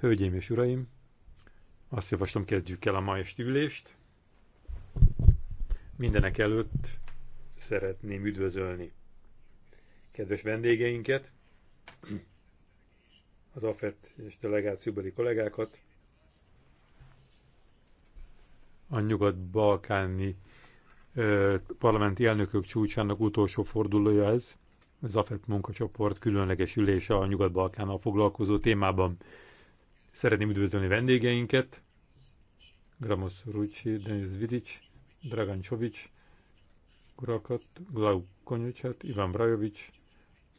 Hölgyeim és uraim, azt javaslom kezdjük el a mai ülést. Mindenek előtt szeretném üdvözölni kedves vendégeinket, az AFET és delegációbeli kollégákat, a nyugat-balkáni parlamenti elnökök csúcsának utolsó fordulója ez, az AFET munkacsoport különleges ülése a Nyugat-Balkánnal foglalkozó témában. Szeretném üdvözölni vendégeinket, Gramos Rucsi, Denis Vidic, Dragan Csovics, urakat, Glau Konyucsát, Ivan Brajovics,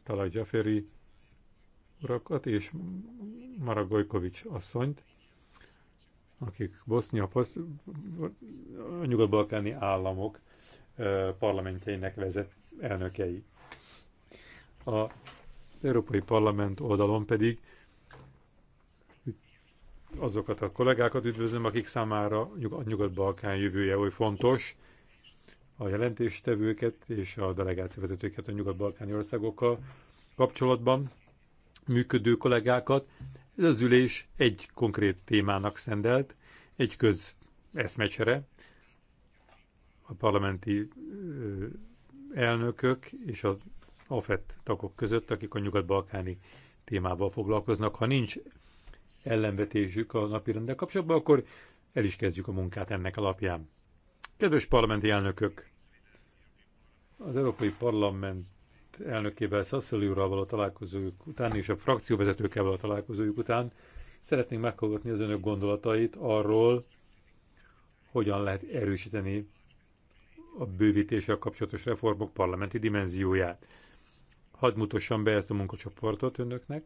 Talaj Jaferi urakat és Mara Gojkovics asszonyt, akik Bosznia, Posz, a nyugat-balkáni államok parlamentjeinek vezet elnökei. Az Európai Parlament oldalon pedig azokat a kollégákat üdvözlöm, akik számára a Nyugat-Balkán jövője oly fontos, a jelentéstevőket és a delegációvezetőket a nyugat-balkáni országokkal kapcsolatban működő kollégákat. Ez az ülés egy konkrét témának szendelt, egy köz eszmecsere, a parlamenti elnökök és a AFET tagok között, akik a nyugat-balkáni témával foglalkoznak. Ha nincs ellenvetésük a napi rendel kapcsolatban, akkor el is kezdjük a munkát ennek alapján. Kedves parlamenti elnökök! Az Európai Parlament elnökével, Sassoli úrral való találkozójuk után és a frakcióvezetőkkel való találkozójuk után szeretnénk meghallgatni az önök gondolatait arról, hogyan lehet erősíteni a bővítéssel kapcsolatos reformok parlamenti dimenzióját. Hadd mutassam be ezt a munkacsoportot önöknek,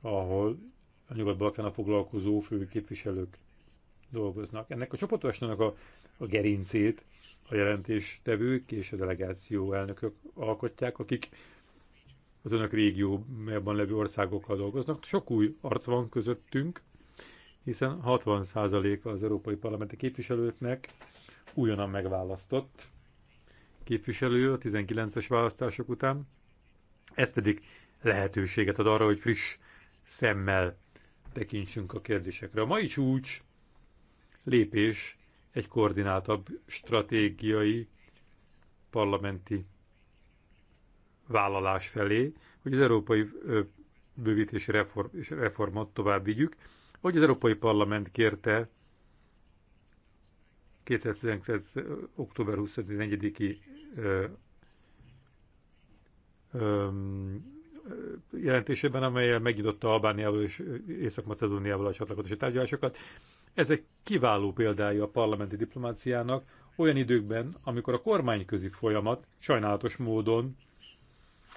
ahol a nyugat a foglalkozó fő képviselők dolgoznak. Ennek a csoportosnak a, a gerincét a jelentéstevők és a delegáció elnökök alkotják, akik az önök régióban levő országokkal dolgoznak. Sok új arc van közöttünk, hiszen 60%-a az európai parlamenti képviselőknek újonnan megválasztott képviselő a 19-es választások után, ez pedig lehetőséget ad arra, hogy friss szemmel tekintsünk a kérdésekre. A mai csúcs lépés egy koordináltabb stratégiai parlamenti vállalás felé, hogy az európai bővítési reform, és reformot tovább vigyük, hogy az Európai Parlament kérte 2019. október 24-i jelentésében, amelyel megnyitotta Albániával és Észak-Macedóniával a csatlakozási tárgyalásokat. Ezek kiváló példája a parlamenti diplomáciának olyan időkben, amikor a kormányközi folyamat sajnálatos módon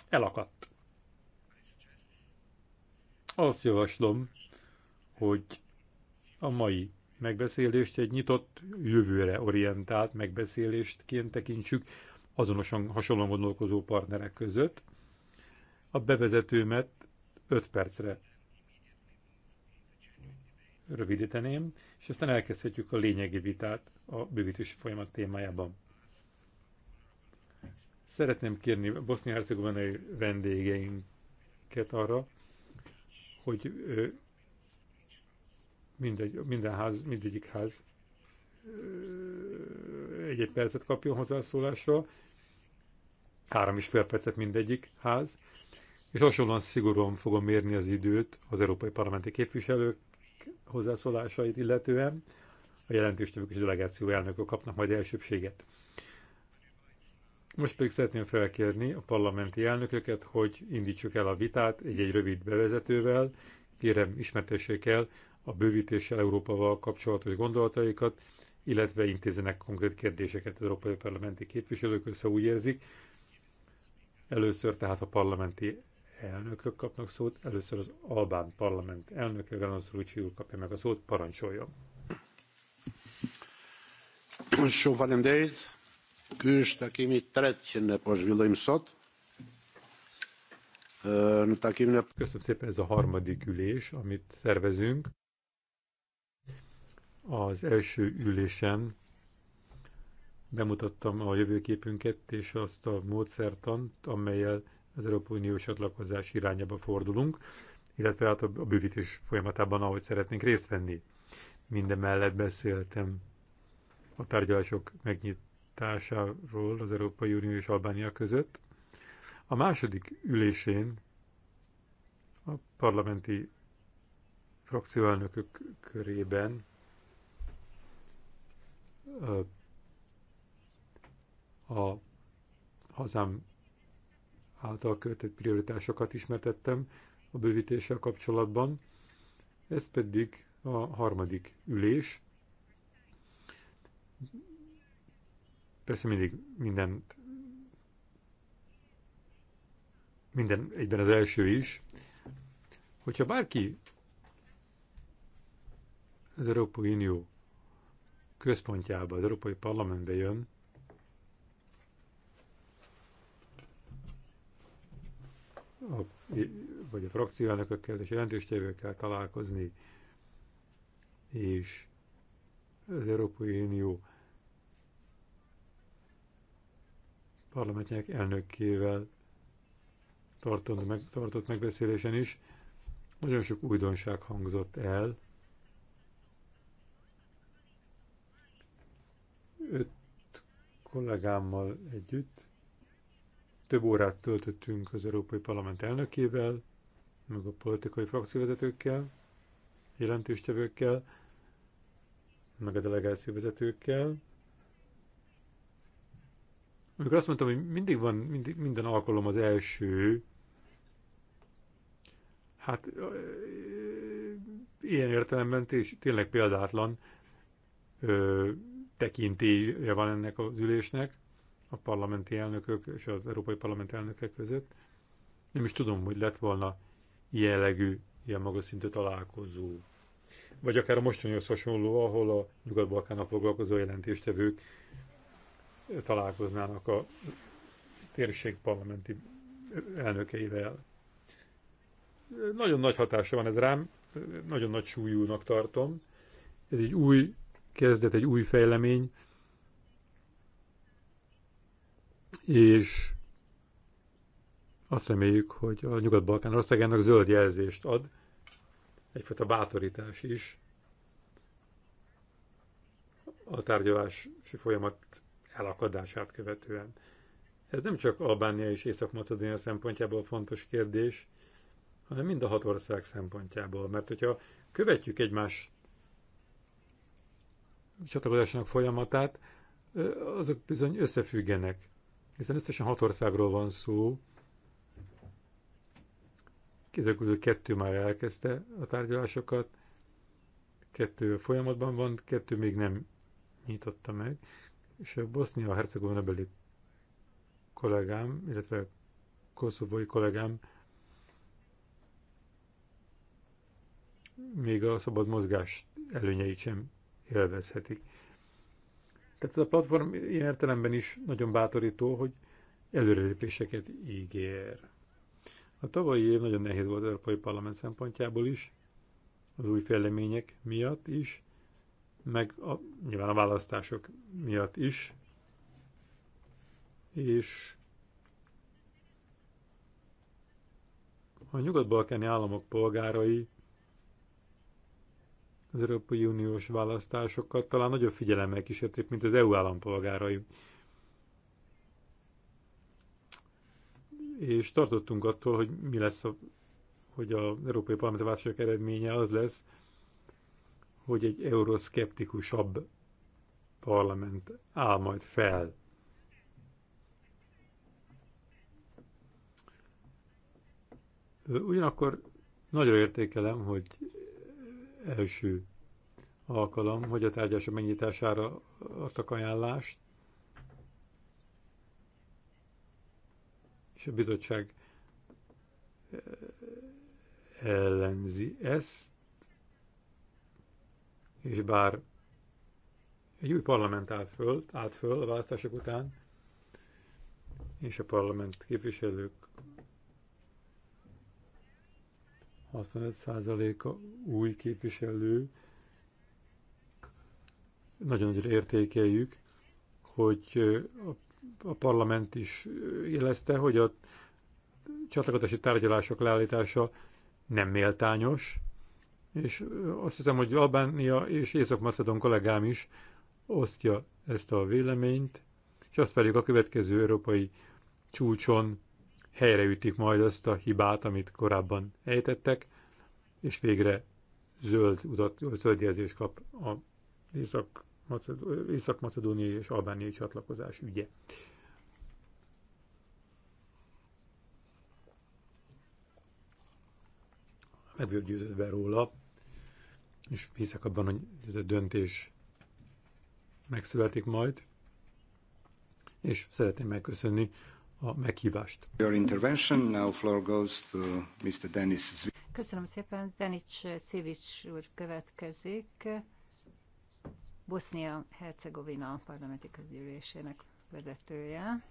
elakadt. Azt javaslom, hogy a mai megbeszélést egy nyitott, jövőre orientált megbeszélésként tekintsük, azonosan hasonlóan gondolkozó partnerek között. A bevezetőmet 5 percre rövidíteném, és aztán elkezdhetjük a lényegi vitát a bővítés folyamat témájában. Szeretném kérni bosznia-hercegovinai vendégeinket arra, hogy mindegy, minden ház, mindegyik ház egy-egy percet kapjon hozzászólásra, három és fél percet mindegyik ház, és hasonlóan szigorúan fogom mérni az időt az európai parlamenti képviselők hozzászólásait illetően, a jelentéstevők és delegáció elnökök kapnak majd elsőbséget. Most pedig szeretném felkérni a parlamenti elnököket, hogy indítsuk el a vitát egy-egy rövid bevezetővel, kérem ismertessék el a bővítéssel Európával kapcsolatos gondolataikat, illetve intézenek konkrét kérdéseket az Európai Parlamenti képviselők, ha úgy érzik, Először tehát a parlamenti elnökök kapnak szót, először az Albán parlament elnöke Galansz Rucsi úr kapja meg a szót, parancsoljon. Sok szóval dejt, külsd, aki mi teretjenne pasvillaim szat. Köszönöm szépen, ez a harmadik ülés, amit szervezünk. Az első ülésen bemutattam a jövőképünket és azt a módszertant, amelyel az Európai Unió csatlakozás irányába fordulunk, illetve hát a bővítés folyamatában, ahogy szeretnénk részt venni. Minden mellett beszéltem a tárgyalások megnyitásáról az Európai Unió és Albánia között. A második ülésén a parlamenti frakcióelnökök körében a hazám által költött prioritásokat ismertettem a bővítéssel kapcsolatban. Ez pedig a harmadik ülés. Persze mindig mindent minden egyben az első is, hogyha bárki az Európai Unió központjába, az Európai Parlamentbe jön, a, vagy a frakcióelnökökkel és jelentéstevőkkel találkozni, és az Európai Unió parlamentjének elnökkével tartott, meg, tartott megbeszélésen is nagyon sok újdonság hangzott el. Öt kollégámmal együtt több órát töltöttünk az Európai Parlament elnökével, meg a politikai frakcióvezetőkkel, jelentős tevőkkel, meg a delegációvezetőkkel. Amikor azt mondtam, hogy mindig van, mindig, minden alkalom az első, hát ilyen értelemben és tényleg példátlan ö, tekintélye van ennek az ülésnek a parlamenti elnökök és az európai parlament elnöke között. Nem is tudom, hogy lett volna jellegű, ilyen magas szintű találkozó. Vagy akár a mostanihoz hasonló, ahol a Nyugat-Balkánnal foglalkozó jelentéstevők találkoznának a térség parlamenti elnökeivel. Nagyon nagy hatása van ez rám, nagyon nagy súlyúnak tartom. Ez egy új kezdet, egy új fejlemény, és azt reméljük, hogy a Nyugat-Balkán országának zöld jelzést ad, egyfajta bátorítás is a tárgyalási folyamat elakadását követően. Ez nem csak Albánia és Észak-Macedónia szempontjából fontos kérdés, hanem mind a hat ország szempontjából. Mert hogyha követjük egymás csatlakozásának folyamatát, azok bizony összefüggenek hiszen összesen hat országról van szó, Kézzel közül kettő már elkezdte a tárgyalásokat, kettő folyamatban van, kettő még nem nyitotta meg, és a Bosznia-Hercegovina beli kollégám, illetve koszovói kollégám még a szabad mozgás előnyeit sem élvezhetik. Tehát ez a platform ilyen értelemben is nagyon bátorító, hogy előrelépéseket ígér. A tavalyi év nagyon nehéz volt az Európai Parlament szempontjából is, az új fejlemények miatt is, meg a, nyilván a választások miatt is, és a nyugat-balkáni államok polgárai az Európai Uniós választásokat talán nagyobb figyelemmel kísérték, mint az EU állampolgárai. És tartottunk attól, hogy mi lesz, a, hogy az Európai Parlamenti Választások eredménye az lesz, hogy egy euroszkeptikusabb parlament áll majd fel. Ugyanakkor nagyra értékelem, hogy első alkalom, hogy a tárgyásra megnyitására adtak ajánlást, és a bizottság eh, ellenzi ezt, és bár egy új parlament állt föl, állt föl a választások után, és a parlament képviselők 65%-a új képviselő. Nagyon nagyra értékeljük, hogy a parlament is jelezte, hogy a csatlakozási tárgyalások leállítása nem méltányos, és azt hiszem, hogy Albánia és Észak-Macedon kollégám is osztja ezt a véleményt, és azt várjuk a következő európai csúcson helyreütik majd azt a hibát, amit korábban ejtettek, és végre zöld utat, zöld jelzést kap a Észak-Macedóniai és Albániai csatlakozás ügye. Meg vagyok győződve róla, és hiszek abban, hogy ez a döntés megszületik majd, és szeretném megköszönni a meghívást. Your intervention now floor goes to Mr. Köszönöm szépen. Denics Szivics úr következik. Bosznia-Hercegovina parlamenti közgyűlésének vezetője.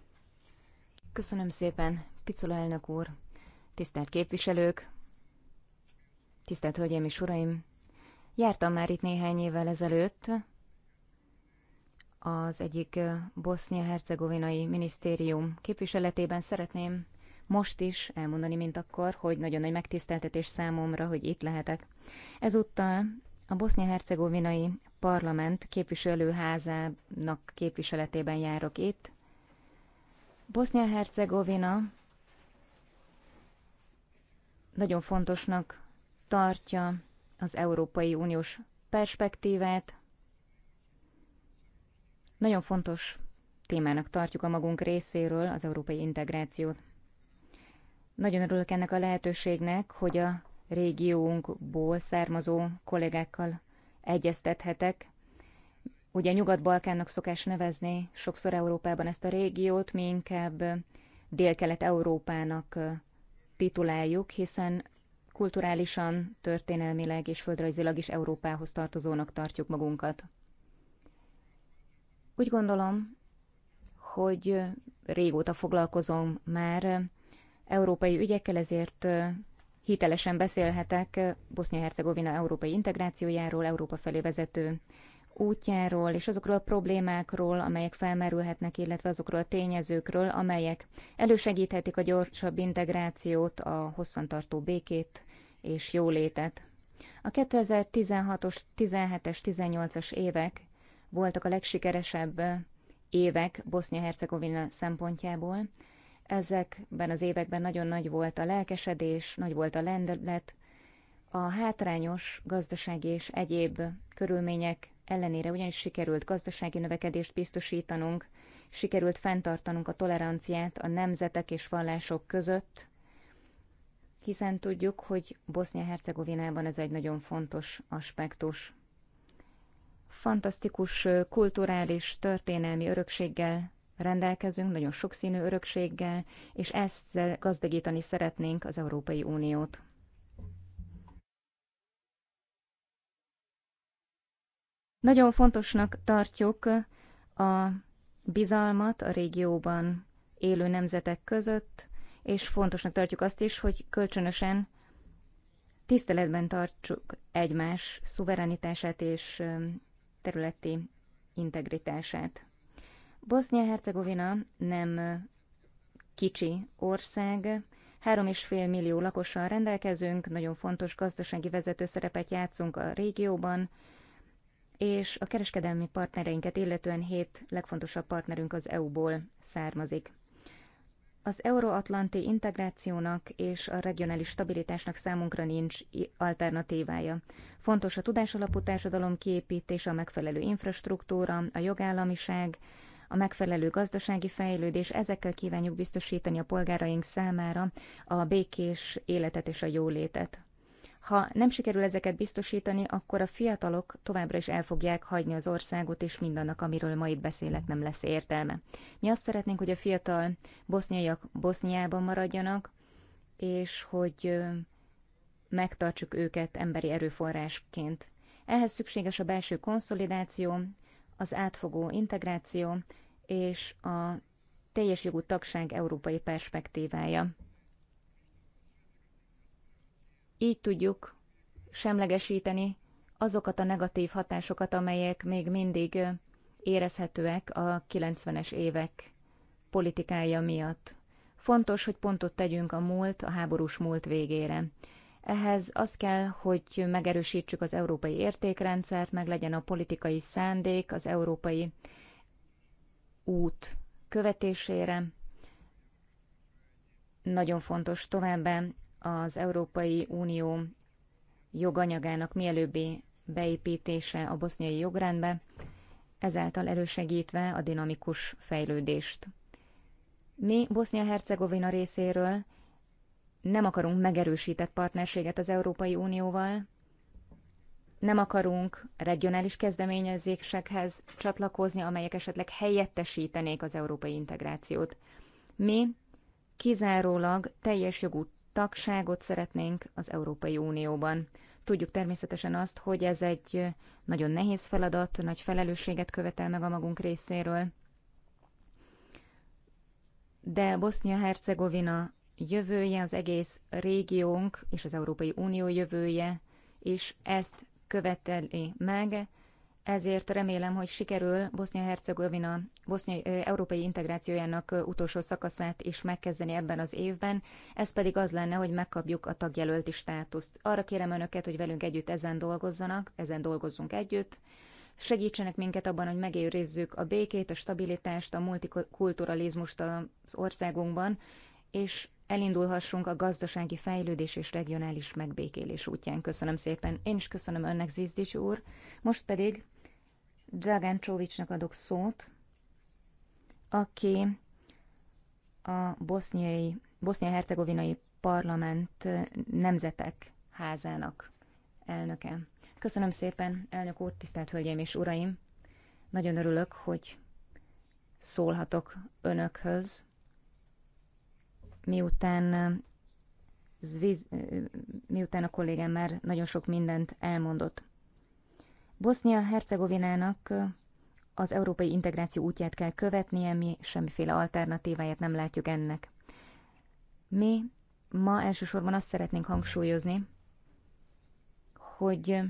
Köszönöm szépen, Picola elnök úr, tisztelt képviselők, tisztelt hölgyeim és uraim. Jártam már itt néhány évvel ezelőtt, az egyik bosznia-hercegovinai minisztérium képviseletében szeretném most is elmondani, mint akkor, hogy nagyon nagy megtiszteltetés számomra, hogy itt lehetek. Ezúttal a bosznia-hercegovinai parlament képviselőházának képviseletében járok itt. Bosznia-hercegovina nagyon fontosnak tartja az Európai Uniós perspektívát, nagyon fontos témának tartjuk a magunk részéről az európai integrációt. Nagyon örülök ennek a lehetőségnek, hogy a régiónkból származó kollégákkal egyeztethetek. Ugye Nyugat-Balkánnak szokás nevezni sokszor Európában ezt a régiót, mi inkább Dél-Kelet-Európának tituláljuk, hiszen kulturálisan, történelmileg és földrajzilag is Európához tartozónak tartjuk magunkat. Úgy gondolom, hogy régóta foglalkozom már európai ügyekkel, ezért hitelesen beszélhetek Bosznia-Hercegovina európai integrációjáról, Európa felé vezető útjáról, és azokról a problémákról, amelyek felmerülhetnek, illetve azokról a tényezőkről, amelyek elősegíthetik a gyorsabb integrációt, a hosszantartó békét és jólétet. A 2016-os, 17-es, 18-as évek voltak a legsikeresebb évek Bosznia-Hercegovina szempontjából. Ezekben az években nagyon nagy volt a lelkesedés, nagy volt a lendület. A hátrányos gazdasági és egyéb körülmények ellenére ugyanis sikerült gazdasági növekedést biztosítanunk, sikerült fenntartanunk a toleranciát a nemzetek és vallások között, hiszen tudjuk, hogy Bosznia-Hercegovinában ez egy nagyon fontos aspektus fantasztikus kulturális, történelmi örökséggel rendelkezünk, nagyon sokszínű örökséggel, és ezt gazdagítani szeretnénk az Európai Uniót. Nagyon fontosnak tartjuk a bizalmat a régióban élő nemzetek között, és fontosnak tartjuk azt is, hogy kölcsönösen tiszteletben tartsuk egymás szuverenitását és területi integritását. Bosznia-Hercegovina nem kicsi ország, 3,5 millió lakossal rendelkezünk, nagyon fontos gazdasági vezető szerepet játszunk a régióban, és a kereskedelmi partnereinket illetően hét legfontosabb partnerünk az EU-ból származik. Az euróatlanti integrációnak és a regionális stabilitásnak számunkra nincs alternatívája. Fontos a tudásalapú társadalom kiépítése, a megfelelő infrastruktúra, a jogállamiság, a megfelelő gazdasági fejlődés, ezekkel kívánjuk biztosítani a polgáraink számára a békés életet és a jólétet. Ha nem sikerül ezeket biztosítani, akkor a fiatalok továbbra is el fogják hagyni az országot, és mindannak, amiről ma itt beszélek, nem lesz értelme. Mi azt szeretnénk, hogy a fiatal boszniaiak Boszniában maradjanak, és hogy megtartsuk őket emberi erőforrásként. Ehhez szükséges a belső konszolidáció, az átfogó integráció és a teljes jogú tagság európai perspektívája. Így tudjuk semlegesíteni azokat a negatív hatásokat, amelyek még mindig érezhetőek a 90-es évek politikája miatt. Fontos, hogy pontot tegyünk a múlt, a háborús múlt végére. Ehhez az kell, hogy megerősítsük az európai értékrendszert, meg legyen a politikai szándék az európai út követésére. Nagyon fontos továbbá az Európai Unió joganyagának mielőbbi beépítése a boszniai jogrendbe, ezáltal elősegítve a dinamikus fejlődést. Mi Bosznia-Hercegovina részéről nem akarunk megerősített partnerséget az Európai Unióval, nem akarunk regionális kezdeményezésekhez csatlakozni, amelyek esetleg helyettesítenék az európai integrációt. Mi kizárólag teljes jogú tagságot szeretnénk az Európai Unióban. Tudjuk természetesen azt, hogy ez egy nagyon nehéz feladat, nagy felelősséget követel meg a magunk részéről. De Bosznia-Hercegovina jövője, az egész régiónk és az Európai Unió jövője és ezt követeli meg, ezért remélem, hogy sikerül Bosznia-Hercegovina bosznia európai integrációjának utolsó szakaszát is megkezdeni ebben az évben, ez pedig az lenne, hogy megkapjuk a tagjelölti státuszt. Arra kérem önöket, hogy velünk együtt ezen dolgozzanak, ezen dolgozzunk együtt, segítsenek minket abban, hogy megőrizzük a békét, a stabilitást, a multikulturalizmust az országunkban, és elindulhassunk a gazdasági fejlődés és regionális megbékélés útján. Köszönöm szépen. Én is köszönöm önnek, Zizdics úr. Most pedig Dragáncsovicsnak adok szót, aki a boszniai, bosznia-hercegovinai parlament nemzetek házának elnöke. Köszönöm szépen, elnök úr, tisztelt hölgyeim és uraim! Nagyon örülök, hogy szólhatok önökhöz, miután, eh, eh, miután a kollégám már nagyon sok mindent elmondott. Bosznia-Hercegovinának az európai integráció útját kell követnie, mi semmiféle alternatíváját nem látjuk ennek. Mi ma elsősorban azt szeretnénk hangsúlyozni, hogy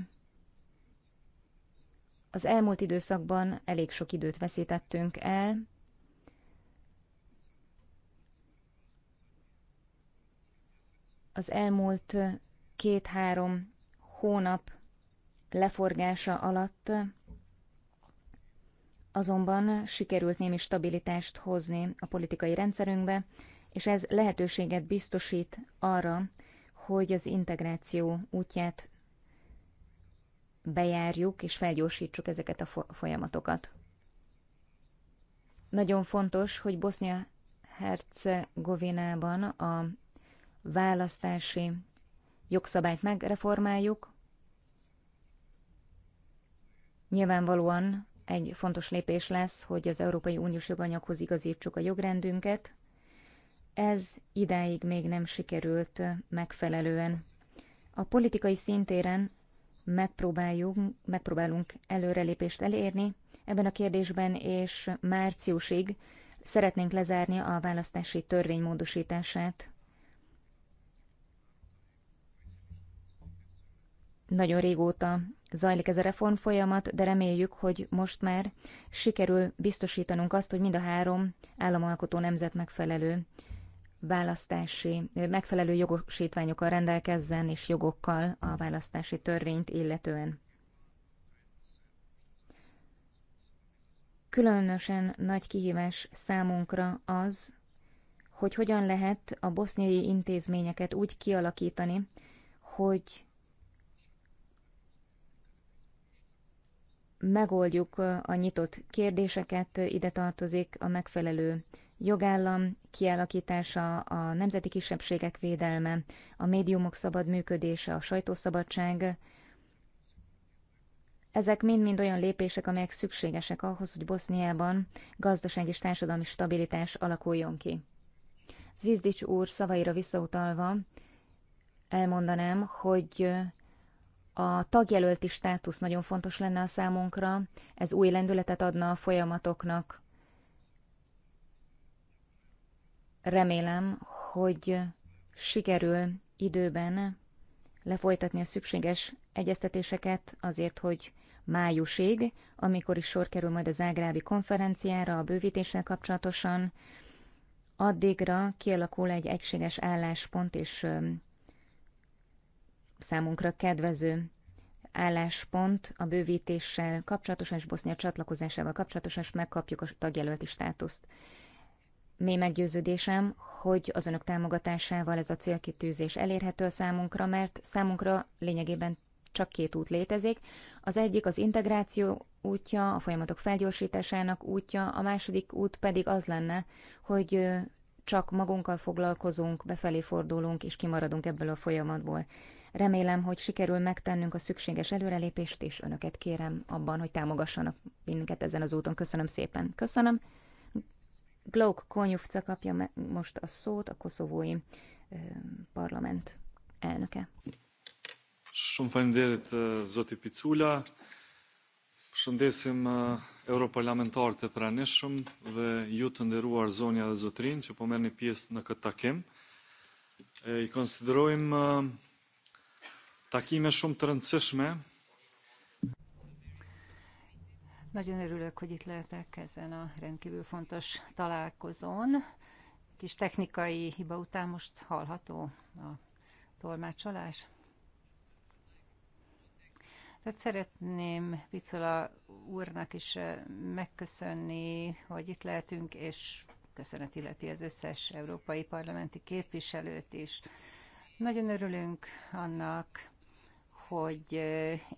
az elmúlt időszakban elég sok időt veszítettünk el, az elmúlt két-három hónap leforgása alatt azonban sikerült némi stabilitást hozni a politikai rendszerünkbe, és ez lehetőséget biztosít arra, hogy az integráció útját bejárjuk és felgyorsítsuk ezeket a folyamatokat. Nagyon fontos, hogy Bosznia-Hercegovinában a választási jogszabályt megreformáljuk, Nyilvánvalóan egy fontos lépés lesz, hogy az Európai Uniós joganyaghoz igazítsuk a jogrendünket. Ez idáig még nem sikerült megfelelően. A politikai szintéren megpróbáljuk, megpróbálunk előrelépést elérni ebben a kérdésben, és márciusig szeretnénk lezárni a választási törvény módosítását. Nagyon régóta zajlik ez a reform folyamat, de reméljük, hogy most már sikerül biztosítanunk azt, hogy mind a három államalkotó nemzet megfelelő választási, megfelelő jogosítványokkal rendelkezzen és jogokkal a választási törvényt illetően. Különösen nagy kihívás számunkra az, hogy hogyan lehet a boszniai intézményeket úgy kialakítani, hogy megoldjuk a nyitott kérdéseket, ide tartozik a megfelelő jogállam kialakítása, a nemzeti kisebbségek védelme, a médiumok szabad működése, a sajtószabadság. Ezek mind-mind olyan lépések, amelyek szükségesek ahhoz, hogy Boszniában gazdaság és társadalmi stabilitás alakuljon ki. Zvizdics úr szavaira visszautalva elmondanám, hogy a tagjelölti státusz nagyon fontos lenne a számunkra, ez új lendületet adna a folyamatoknak. Remélem, hogy sikerül időben lefolytatni a szükséges egyeztetéseket azért, hogy májusig, amikor is sor kerül majd a zágrábi konferenciára a bővítéssel kapcsolatosan, addigra kialakul egy egységes álláspont és számunkra kedvező álláspont a bővítéssel kapcsolatosan és Bosznia csatlakozásával kapcsolatosan, és megkapjuk a tagjelölti státuszt. Mély meggyőződésem, hogy az önök támogatásával ez a célkitűzés elérhető a számunkra, mert számunkra lényegében csak két út létezik. Az egyik az integráció útja, a folyamatok felgyorsításának útja, a második út pedig az lenne, hogy csak magunkkal foglalkozunk, befelé fordulunk és kimaradunk ebből a folyamatból. Remélem, hogy sikerül megtennünk a szükséges előrelépést, és önöket kérem abban, hogy támogassanak minket ezen az úton. Köszönöm szépen. Köszönöm. Glauk Konyufca kapja most a szót, a koszovói ö, parlament elnöke. Shumë zoti Picula. Shëndesim europarlamentarët e pranishëm dhe ju të nderuar zonja dhe zotrin që po merrni pjesë në këtë takim. E, I konsiderojmë takime shumë të rëndësishme. Nagyon örülök, hogy itt lehetek ezen a rendkívül fontos találkozón. Kis technikai hiba után most hallható a tolmácsolás. Tehát szeretném Picola úrnak is eh, megköszönni, hogy itt lehetünk, és köszönet illeti az összes európai parlamenti képviselőt is. Nagyon örülünk annak, hogy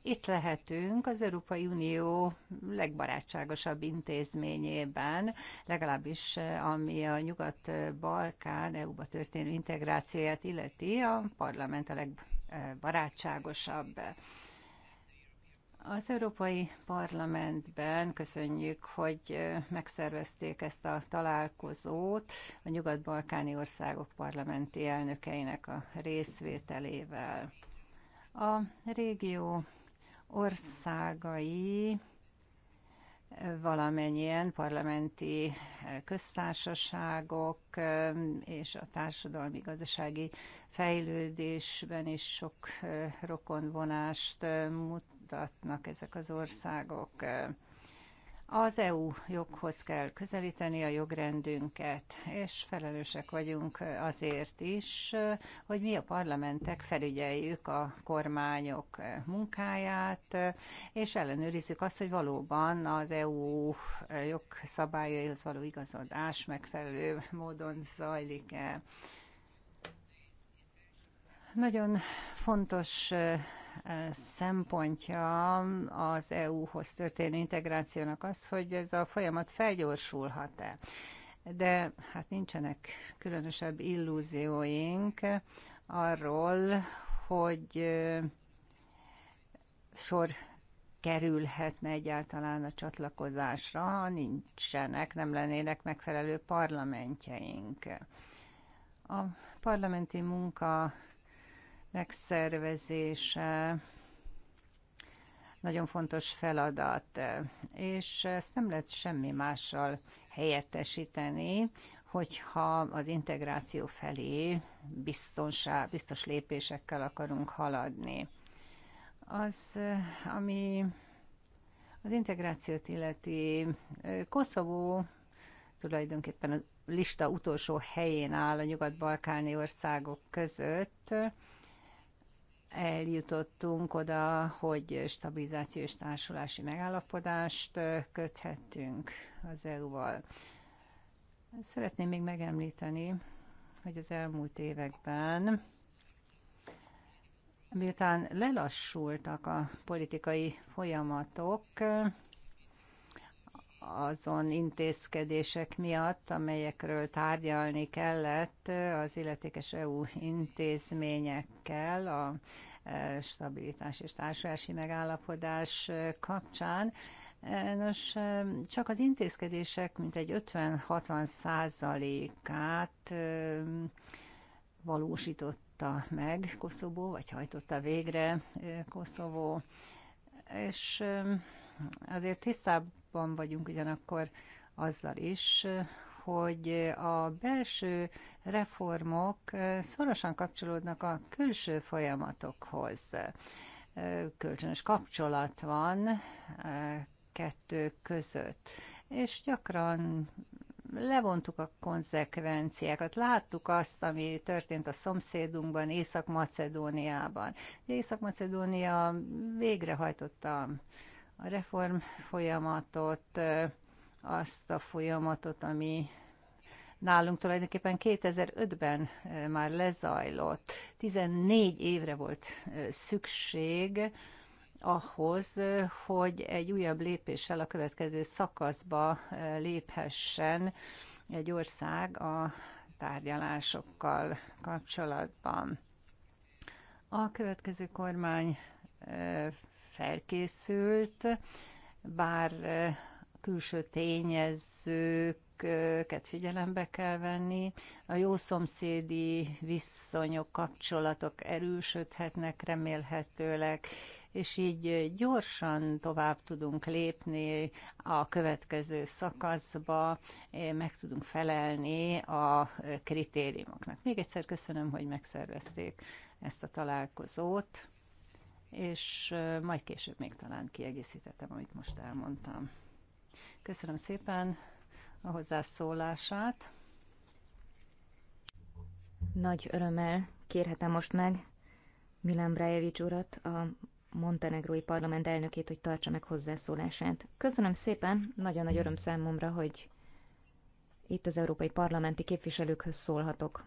itt lehetünk az Európai Unió legbarátságosabb intézményében, legalábbis ami a Nyugat-Balkán EU-ba történő integrációját illeti, a parlament a legbarátságosabb. Az Európai Parlamentben köszönjük, hogy megszervezték ezt a találkozót a nyugat-balkáni országok parlamenti elnökeinek a részvételével. A régió országai eh, valamennyien parlamenti eh, köztársaságok eh, és a társadalmi-gazdasági fejlődésben is sok rokon vonást mutatnak ezek az országok. Az EU joghoz kell közelíteni a jogrendünket, és felelősek vagyunk azért is, hogy mi a parlamentek felügyeljük a kormányok munkáját, és ellenőrizzük azt, hogy valóban az EU jogszabályaihoz való igazodás megfelelő módon zajlik-e. Nagyon fontos szempontja az EU-hoz történő integrációnak az, hogy ez a folyamat felgyorsulhat-e. De hát nincsenek különösebb illúzióink arról, hogy sor kerülhetne egyáltalán a csatlakozásra, ha nincsenek, nem lennének megfelelő parlamentjeink. A parlamenti munka megszervezése nagyon fontos feladat, és ezt nem lehet semmi mással helyettesíteni, hogyha az integráció felé biztonság, biztos lépésekkel akarunk haladni. Az, ami az integrációt illeti, Koszovó tulajdonképpen a lista utolsó helyén áll a nyugat-balkáni országok között, eljutottunk oda, hogy stabilizáció és társulási megállapodást köthettünk az EU-val. Szeretném még megemlíteni, hogy az elmúlt években, miután lelassultak a politikai folyamatok, azon intézkedések miatt, amelyekről tárgyalni kellett az illetékes EU intézményekkel a e, stabilitás és társulási megállapodás e, kapcsán. E, nos, csak az intézkedések mintegy 50-60 százalékát valósította meg Koszovó, vagy hajtotta végre Koszovó, és azért tisztább tisztában vagyunk ugyanakkor azzal is, hogy a belső reformok szorosan kapcsolódnak a külső folyamatokhoz. Kölcsönös kapcsolat van e, kettő között, és gyakran levontuk a konzekvenciákat, láttuk azt, ami történt a szomszédunkban, Észak-Macedóniában. Észak-Macedónia végrehajtotta a reform folyamatot, azt a folyamatot, ami nálunk tulajdonképpen 2005-ben már lezajlott. 14 évre volt szükség ahhoz, hogy egy újabb lépéssel a következő szakaszba léphessen egy ország a tárgyalásokkal kapcsolatban. A következő kormány felkészült, bár eh, külső tényezőket figyelembe kell venni. A jó szomszédi viszonyok, kapcsolatok erősödhetnek remélhetőleg, és így gyorsan tovább tudunk lépni a következő szakaszba, eh, meg tudunk felelni a eh, kritériumoknak. Még egyszer köszönöm, hogy megszervezték ezt a találkozót és majd később még talán kiegészítettem, amit most elmondtam. Köszönöm szépen a hozzászólását. Nagy örömmel kérhetem most meg Milan Brajevics urat, a montenegrói parlament elnökét, hogy tartsa meg hozzászólását. Köszönöm szépen, nagyon nagy öröm számomra, hogy itt az európai parlamenti képviselőkhöz szólhatok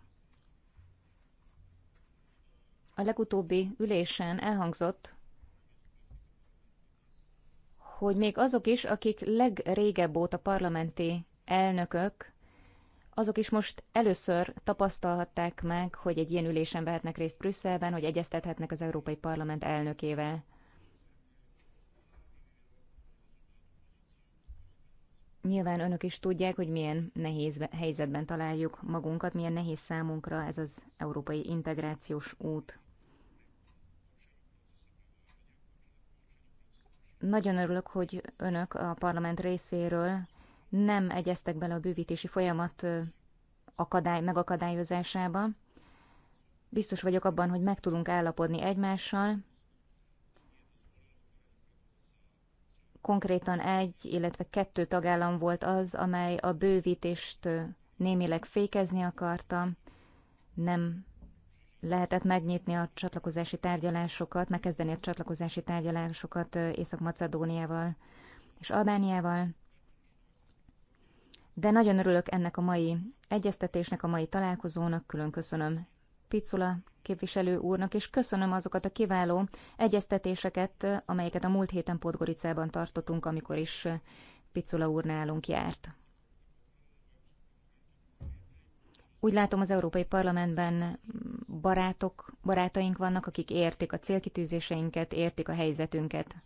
a legutóbbi ülésen elhangzott, hogy még azok is, akik legrégebb óta parlamenti elnökök, azok is most először tapasztalhatták meg, hogy egy ilyen ülésen vehetnek részt Brüsszelben, hogy egyeztethetnek az Európai Parlament elnökével. Nyilván önök is tudják, hogy milyen nehéz helyzetben találjuk magunkat, milyen nehéz számunkra ez az európai integrációs út. Nagyon örülök, hogy önök a parlament részéről nem egyeztek bele a bővítési folyamat akadály, megakadályozásába. Biztos vagyok abban, hogy meg tudunk állapodni egymással. Konkrétan egy, illetve kettő tagállam volt az, amely a bővítést némileg fékezni akarta, nem lehetett megnyitni a csatlakozási tárgyalásokat, megkezdeni a csatlakozási tárgyalásokat Észak-Macedóniával és Albániával. De nagyon örülök ennek a mai egyeztetésnek, a mai találkozónak, külön köszönöm Picula képviselő úrnak, és köszönöm azokat a kiváló egyeztetéseket, amelyeket a múlt héten Podgoricában tartottunk, amikor is Picula úr nálunk járt. Úgy látom, az Európai Parlamentben barátok, barátaink vannak, akik értik a célkitűzéseinket, értik a helyzetünket.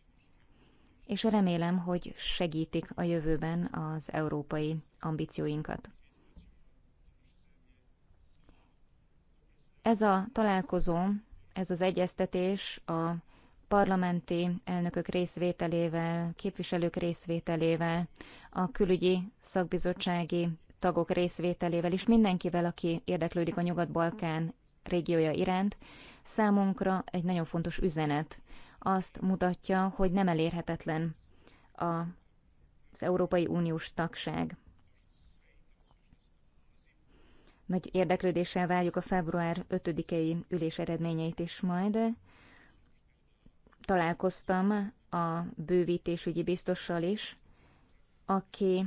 És remélem, hogy segítik a jövőben az európai ambícióinkat. Ez a találkozó, ez az egyeztetés a parlamenti elnökök részvételével, képviselők részvételével, a külügyi szakbizottsági tagok részvételével is, mindenkivel, aki érdeklődik a Nyugat-Balkán régiója iránt, számunkra egy nagyon fontos üzenet. Azt mutatja, hogy nem elérhetetlen a, az Európai Uniós tagság. Nagy érdeklődéssel várjuk a február 5-i ülés eredményeit is majd. Találkoztam a bővítésügyi biztossal is, aki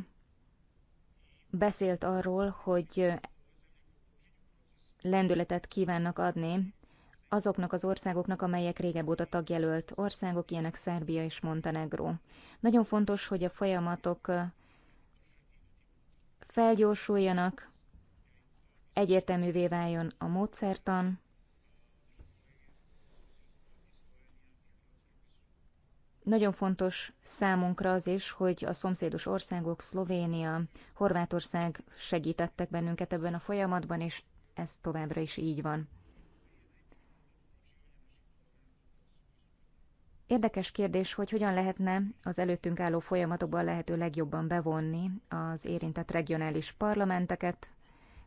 beszélt arról, hogy lendületet kívánnak adni azoknak az országoknak, amelyek régebb óta tagjelölt országok, ilyenek Szerbia és Montenegro. Nagyon fontos, hogy a folyamatok felgyorsuljanak, egyértelművé váljon a módszertan, Nagyon fontos számunkra az is, hogy a szomszédos országok, Szlovénia, Horvátország segítettek bennünket ebben a folyamatban, és ez továbbra is így van. Érdekes kérdés, hogy hogyan lehetne az előttünk álló folyamatokban lehető legjobban bevonni az érintett regionális parlamenteket.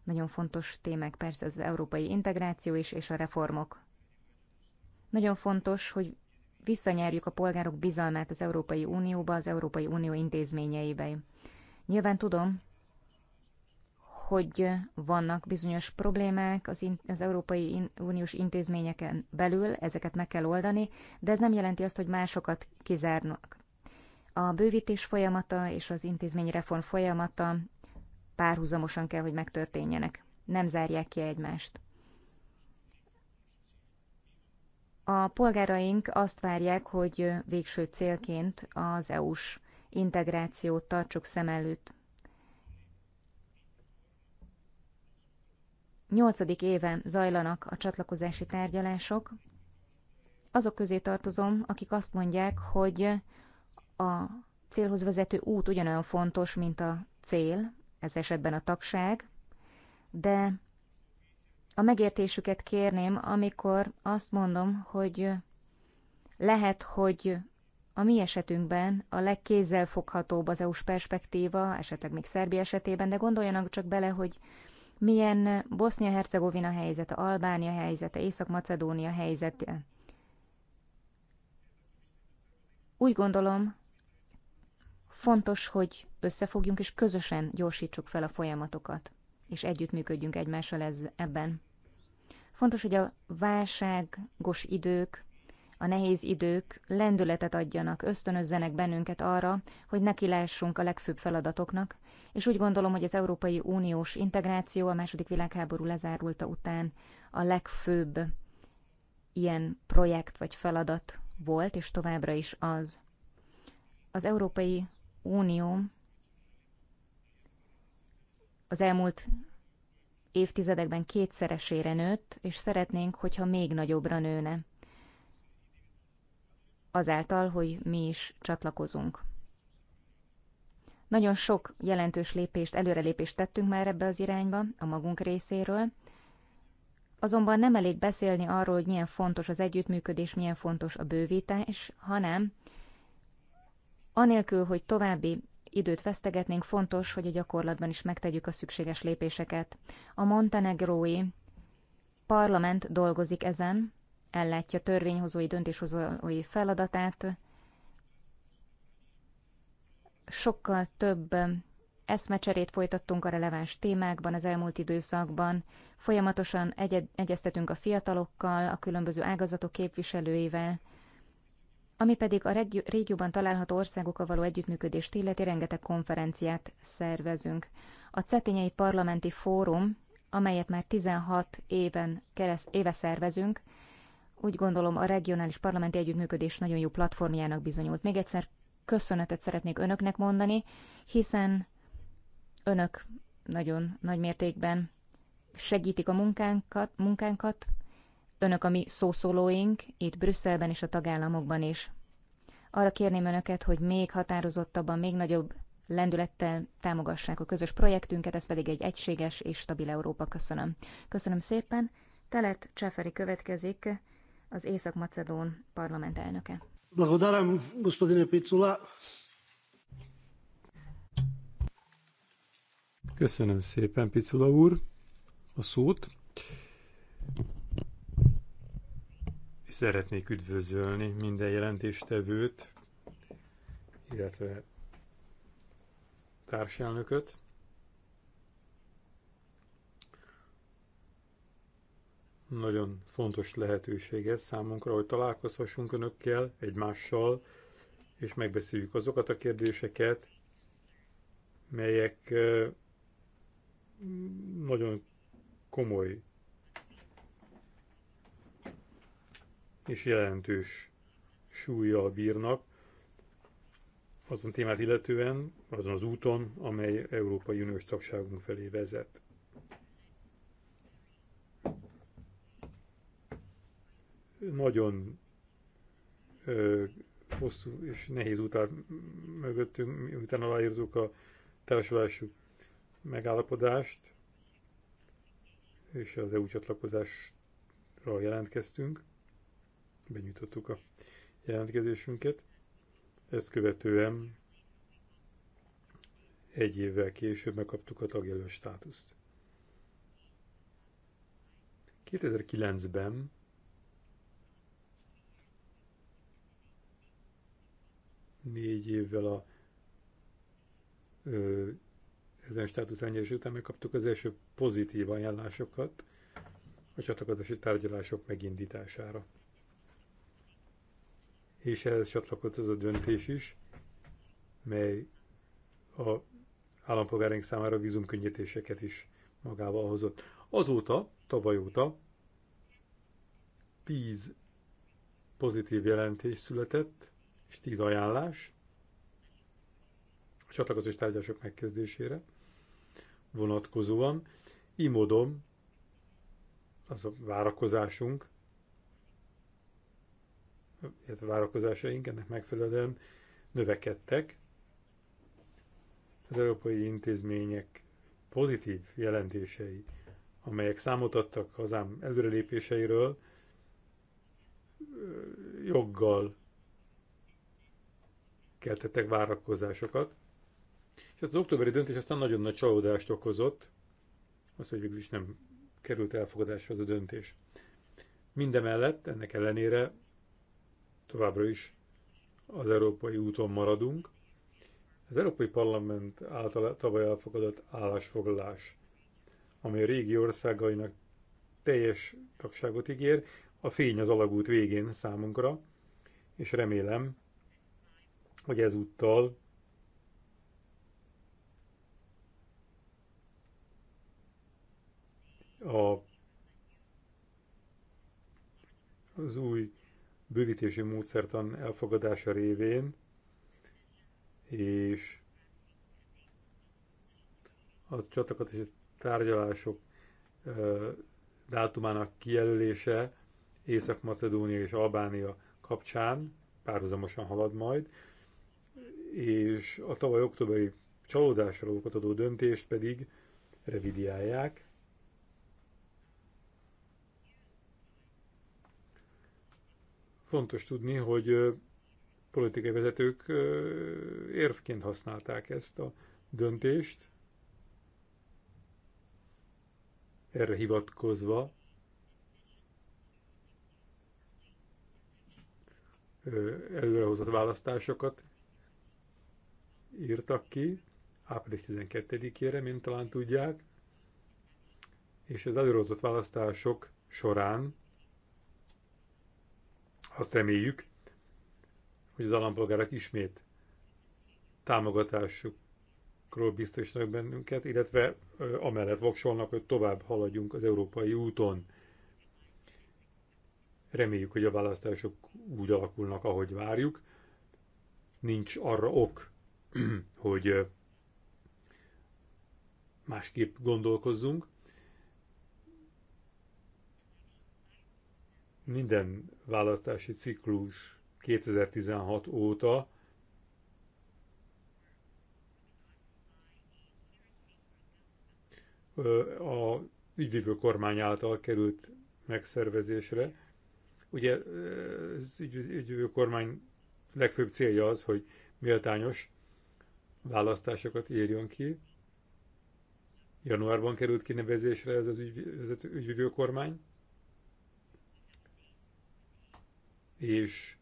Nagyon fontos témák persze az európai integráció is és a reformok. Nagyon fontos, hogy visszanyerjük a polgárok bizalmát az Európai Unióba, az Európai Unió intézményeibe. Nyilván tudom, hogy vannak bizonyos problémák az, in- az Európai Uniós intézményeken belül, ezeket meg kell oldani, de ez nem jelenti azt, hogy másokat kizárnak. A bővítés folyamata és az intézményi reform folyamata párhuzamosan kell, hogy megtörténjenek. Nem zárják ki egymást. A polgáraink azt várják, hogy végső célként az EU-s integrációt tartsuk szem előtt. Nyolcadik éve zajlanak a csatlakozási tárgyalások. Azok közé tartozom, akik azt mondják, hogy a célhoz vezető út ugyanolyan fontos, mint a cél, ez esetben a tagság, de a megértésüket kérném, amikor azt mondom, hogy lehet, hogy a mi esetünkben a legkézzelfoghatóbb az EU-s perspektíva, esetleg még Szerbia esetében, de gondoljanak csak bele, hogy milyen Bosznia-Hercegovina helyzete, Albánia helyzete, Észak-Macedónia helyzete. Úgy gondolom, fontos, hogy összefogjunk és közösen gyorsítsuk fel a folyamatokat, és együttműködjünk egymással ez, ebben. Fontos, hogy a válságos idők, a nehéz idők lendületet adjanak, ösztönözzenek bennünket arra, hogy nekilássunk a legfőbb feladatoknak, és úgy gondolom, hogy az Európai Uniós integráció a második világháború lezárulta után a legfőbb ilyen projekt vagy feladat volt, és továbbra is az. Az Európai Unió az elmúlt évtizedekben kétszeresére nőtt, és szeretnénk, hogyha még nagyobbra nőne. Azáltal, hogy mi is csatlakozunk. Nagyon sok jelentős lépést, előrelépést tettünk már ebbe az irányba, a magunk részéről, azonban nem elég beszélni arról, hogy milyen fontos az együttműködés, milyen fontos a bővítés, hanem anélkül, hogy további időt vesztegetnénk, fontos, hogy a gyakorlatban is megtegyük a szükséges lépéseket. A montenegrói parlament dolgozik ezen, ellátja törvényhozói, döntéshozói feladatát, sokkal több eszmecserét folytattunk a releváns témákban az elmúlt időszakban, folyamatosan egyeztetünk a fiatalokkal, a különböző ágazatok képviselőivel, ami pedig a régióban található országokkal való együttműködést illeti, rengeteg konferenciát szervezünk. A Cetinjei Parlamenti Fórum, amelyet már 16 éven kereszt, éve szervezünk, úgy gondolom a regionális parlamenti együttműködés nagyon jó platformjának bizonyult. Még egyszer köszönetet szeretnék önöknek mondani, hiszen önök nagyon nagy mértékben segítik a munkánkat, munkánkat önök a mi szószólóink, itt Brüsszelben és a tagállamokban is. Arra kérném önöket, hogy még határozottabban, még nagyobb lendülettel támogassák a közös projektünket, ez pedig egy egységes és stabil Európa. Köszönöm. Köszönöm szépen. Telet Cseferi következik, az Észak-Macedón parlament elnöke. Благодарам, господине Picula. Köszönöm szépen, Picula úr, a szót. Szeretnék üdvözölni minden jelentéstevőt, illetve társelnököt. Nagyon fontos lehetőség ez számunkra, hogy találkozhassunk önökkel, egymással, és megbeszéljük azokat a kérdéseket, melyek nagyon komoly és jelentős súlyjal bírnak azon témát illetően, azon az úton, amely Európai Uniós tagságunk felé vezet. Nagyon ö, hosszú és nehéz után mögöttünk, miután aláírtuk a társadalmi megállapodást, és az EU csatlakozásra jelentkeztünk benyújtottuk a jelentkezésünket. Ezt követően egy évvel később megkaptuk a tagjelő státuszt. 2009-ben négy évvel a ezen státusz elnyerés után megkaptuk az első pozitív ajánlásokat a csatlakozási tárgyalások megindítására és ehhez csatlakozott az a döntés is, mely a állampolgáraink számára vízumkönnyítéseket is magával hozott. Azóta, tavaly óta tíz pozitív jelentés született, és tíz ajánlás a csatlakozás tárgyások megkezdésére vonatkozóan. Így módon az a várakozásunk, illetve várakozásaink ennek megfelelően növekedtek. Az európai intézmények pozitív jelentései, amelyek számot adtak hazám előrelépéseiről, joggal keltettek várakozásokat. És az októberi döntés aztán nagyon nagy csalódást okozott, az, hogy végül is nem került elfogadásra az a döntés. Mindemellett, ennek ellenére továbbra is az európai úton maradunk. Az Európai Parlament által tavaly elfogadott állásfoglalás, amely a régi országainak teljes tagságot ígér, a fény az alagút végén számunkra, és remélem, hogy ezúttal a, az új bővítési módszertan elfogadása révén, és a a tárgyalások dátumának kijelölése Észak-Macedónia és Albánia kapcsán párhuzamosan halad majd, és a tavaly októberi csalódásra okot adó döntést pedig revidiálják, Fontos tudni, hogy politikai vezetők érvként használták ezt a döntést, erre hivatkozva előrehozott választásokat írtak ki április 12-ére, mint talán tudják, és az előrehozott választások során azt reméljük, hogy az állampolgárok ismét támogatásukról biztosnak bennünket, illetve amellett voksolnak, hogy tovább haladjunk az európai úton. Reméljük, hogy a választások úgy alakulnak, ahogy várjuk. Nincs arra ok, hogy másképp gondolkozzunk. Minden választási ciklus 2016 óta a ügyvívő kormány által került megszervezésre. Ugye az ügyvívő kormány legfőbb célja az, hogy méltányos választásokat írjon ki. Januárban került kinevezésre ez az ügyvívő kormány. és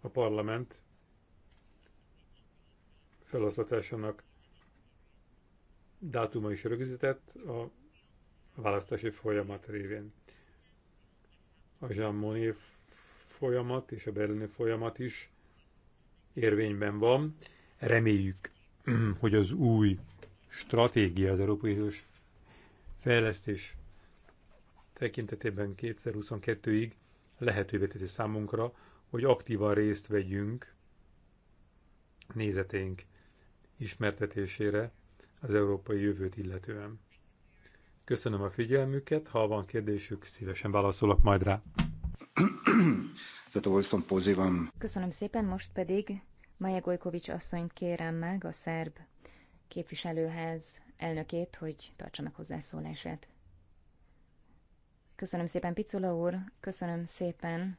a parlament felhasználásának dátuma is rögzített a választási folyamat révén. A Jean folyamat és a berlini folyamat is érvényben van. Reméljük, hogy az új stratégia az Európai Uniós fejlesztés tekintetében 2022-ig lehetővé teszi számunkra, hogy aktívan részt vegyünk nézeténk ismertetésére az európai jövőt illetően. Köszönöm a figyelmüket, ha van kérdésük, szívesen válaszolok majd rá. Köszönöm szépen, most pedig Maja Gojkovics asszonyt kérem meg, a szerb képviselőház elnökét, hogy tartsa meg hozzászólását. Köszönöm szépen, Picula úr, köszönöm szépen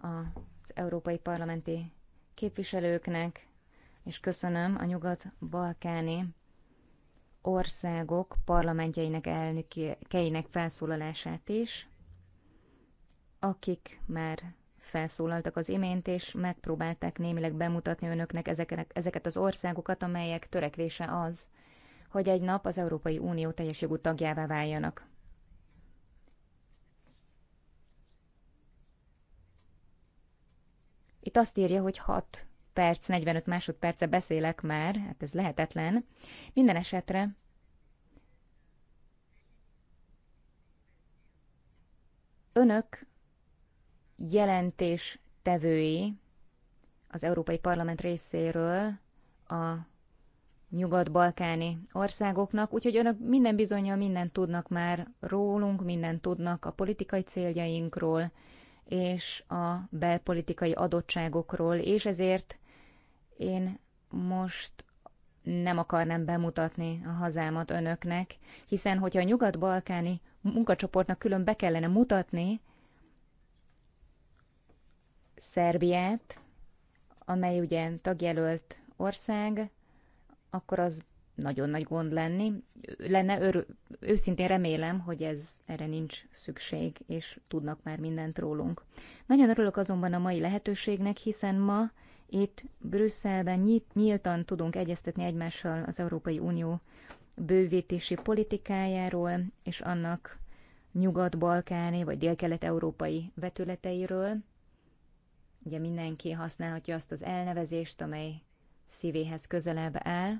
az európai parlamenti képviselőknek, és köszönöm a nyugat-balkáni országok parlamentjeinek elnökeinek felszólalását is, akik már felszólaltak az imént, és megpróbálták némileg bemutatni önöknek ezeket, ezeket az országokat, amelyek törekvése az, hogy egy nap az Európai Unió teljes jogú tagjává váljanak. Itt azt írja, hogy 6 perc, 45 másodperce beszélek már, hát ez lehetetlen. Minden esetre önök jelentés tevői az Európai Parlament részéről a nyugat-balkáni országoknak, úgyhogy önök minden bizonyal mindent tudnak már rólunk, mindent tudnak a politikai céljainkról, és a belpolitikai adottságokról, és ezért én most nem akarnám bemutatni a hazámat önöknek, hiszen hogyha a nyugat-balkáni munkacsoportnak külön be kellene mutatni Szerbiát, amely ugye tagjelölt ország, akkor az nagyon nagy gond lenni. Lenne ör, őszintén remélem, hogy ez erre nincs szükség, és tudnak már mindent rólunk. Nagyon örülök azonban a mai lehetőségnek, hiszen ma itt Brüsszelben nyílt, nyíltan tudunk egyeztetni egymással az Európai Unió bővítési politikájáról, és annak nyugat-balkáni vagy délkelet-európai vetületeiről. Ugye mindenki használhatja azt az elnevezést, amely szívéhez közelebb áll.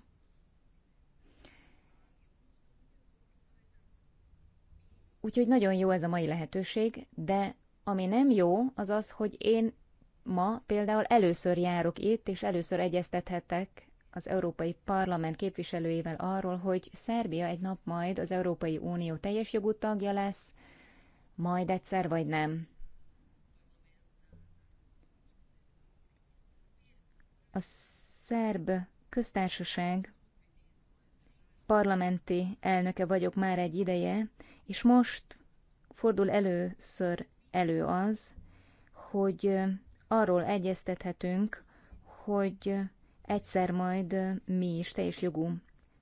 Úgyhogy nagyon jó ez a mai lehetőség, de ami nem jó, az az, hogy én ma például először járok itt, és először egyeztethetek az Európai Parlament képviselőivel arról, hogy Szerbia egy nap majd az Európai Unió teljes jogú tagja lesz, majd egyszer vagy nem. A szerb köztársaság parlamenti elnöke vagyok már egy ideje, és most fordul először elő az, hogy arról egyeztethetünk, hogy egyszer majd mi is teljes jogú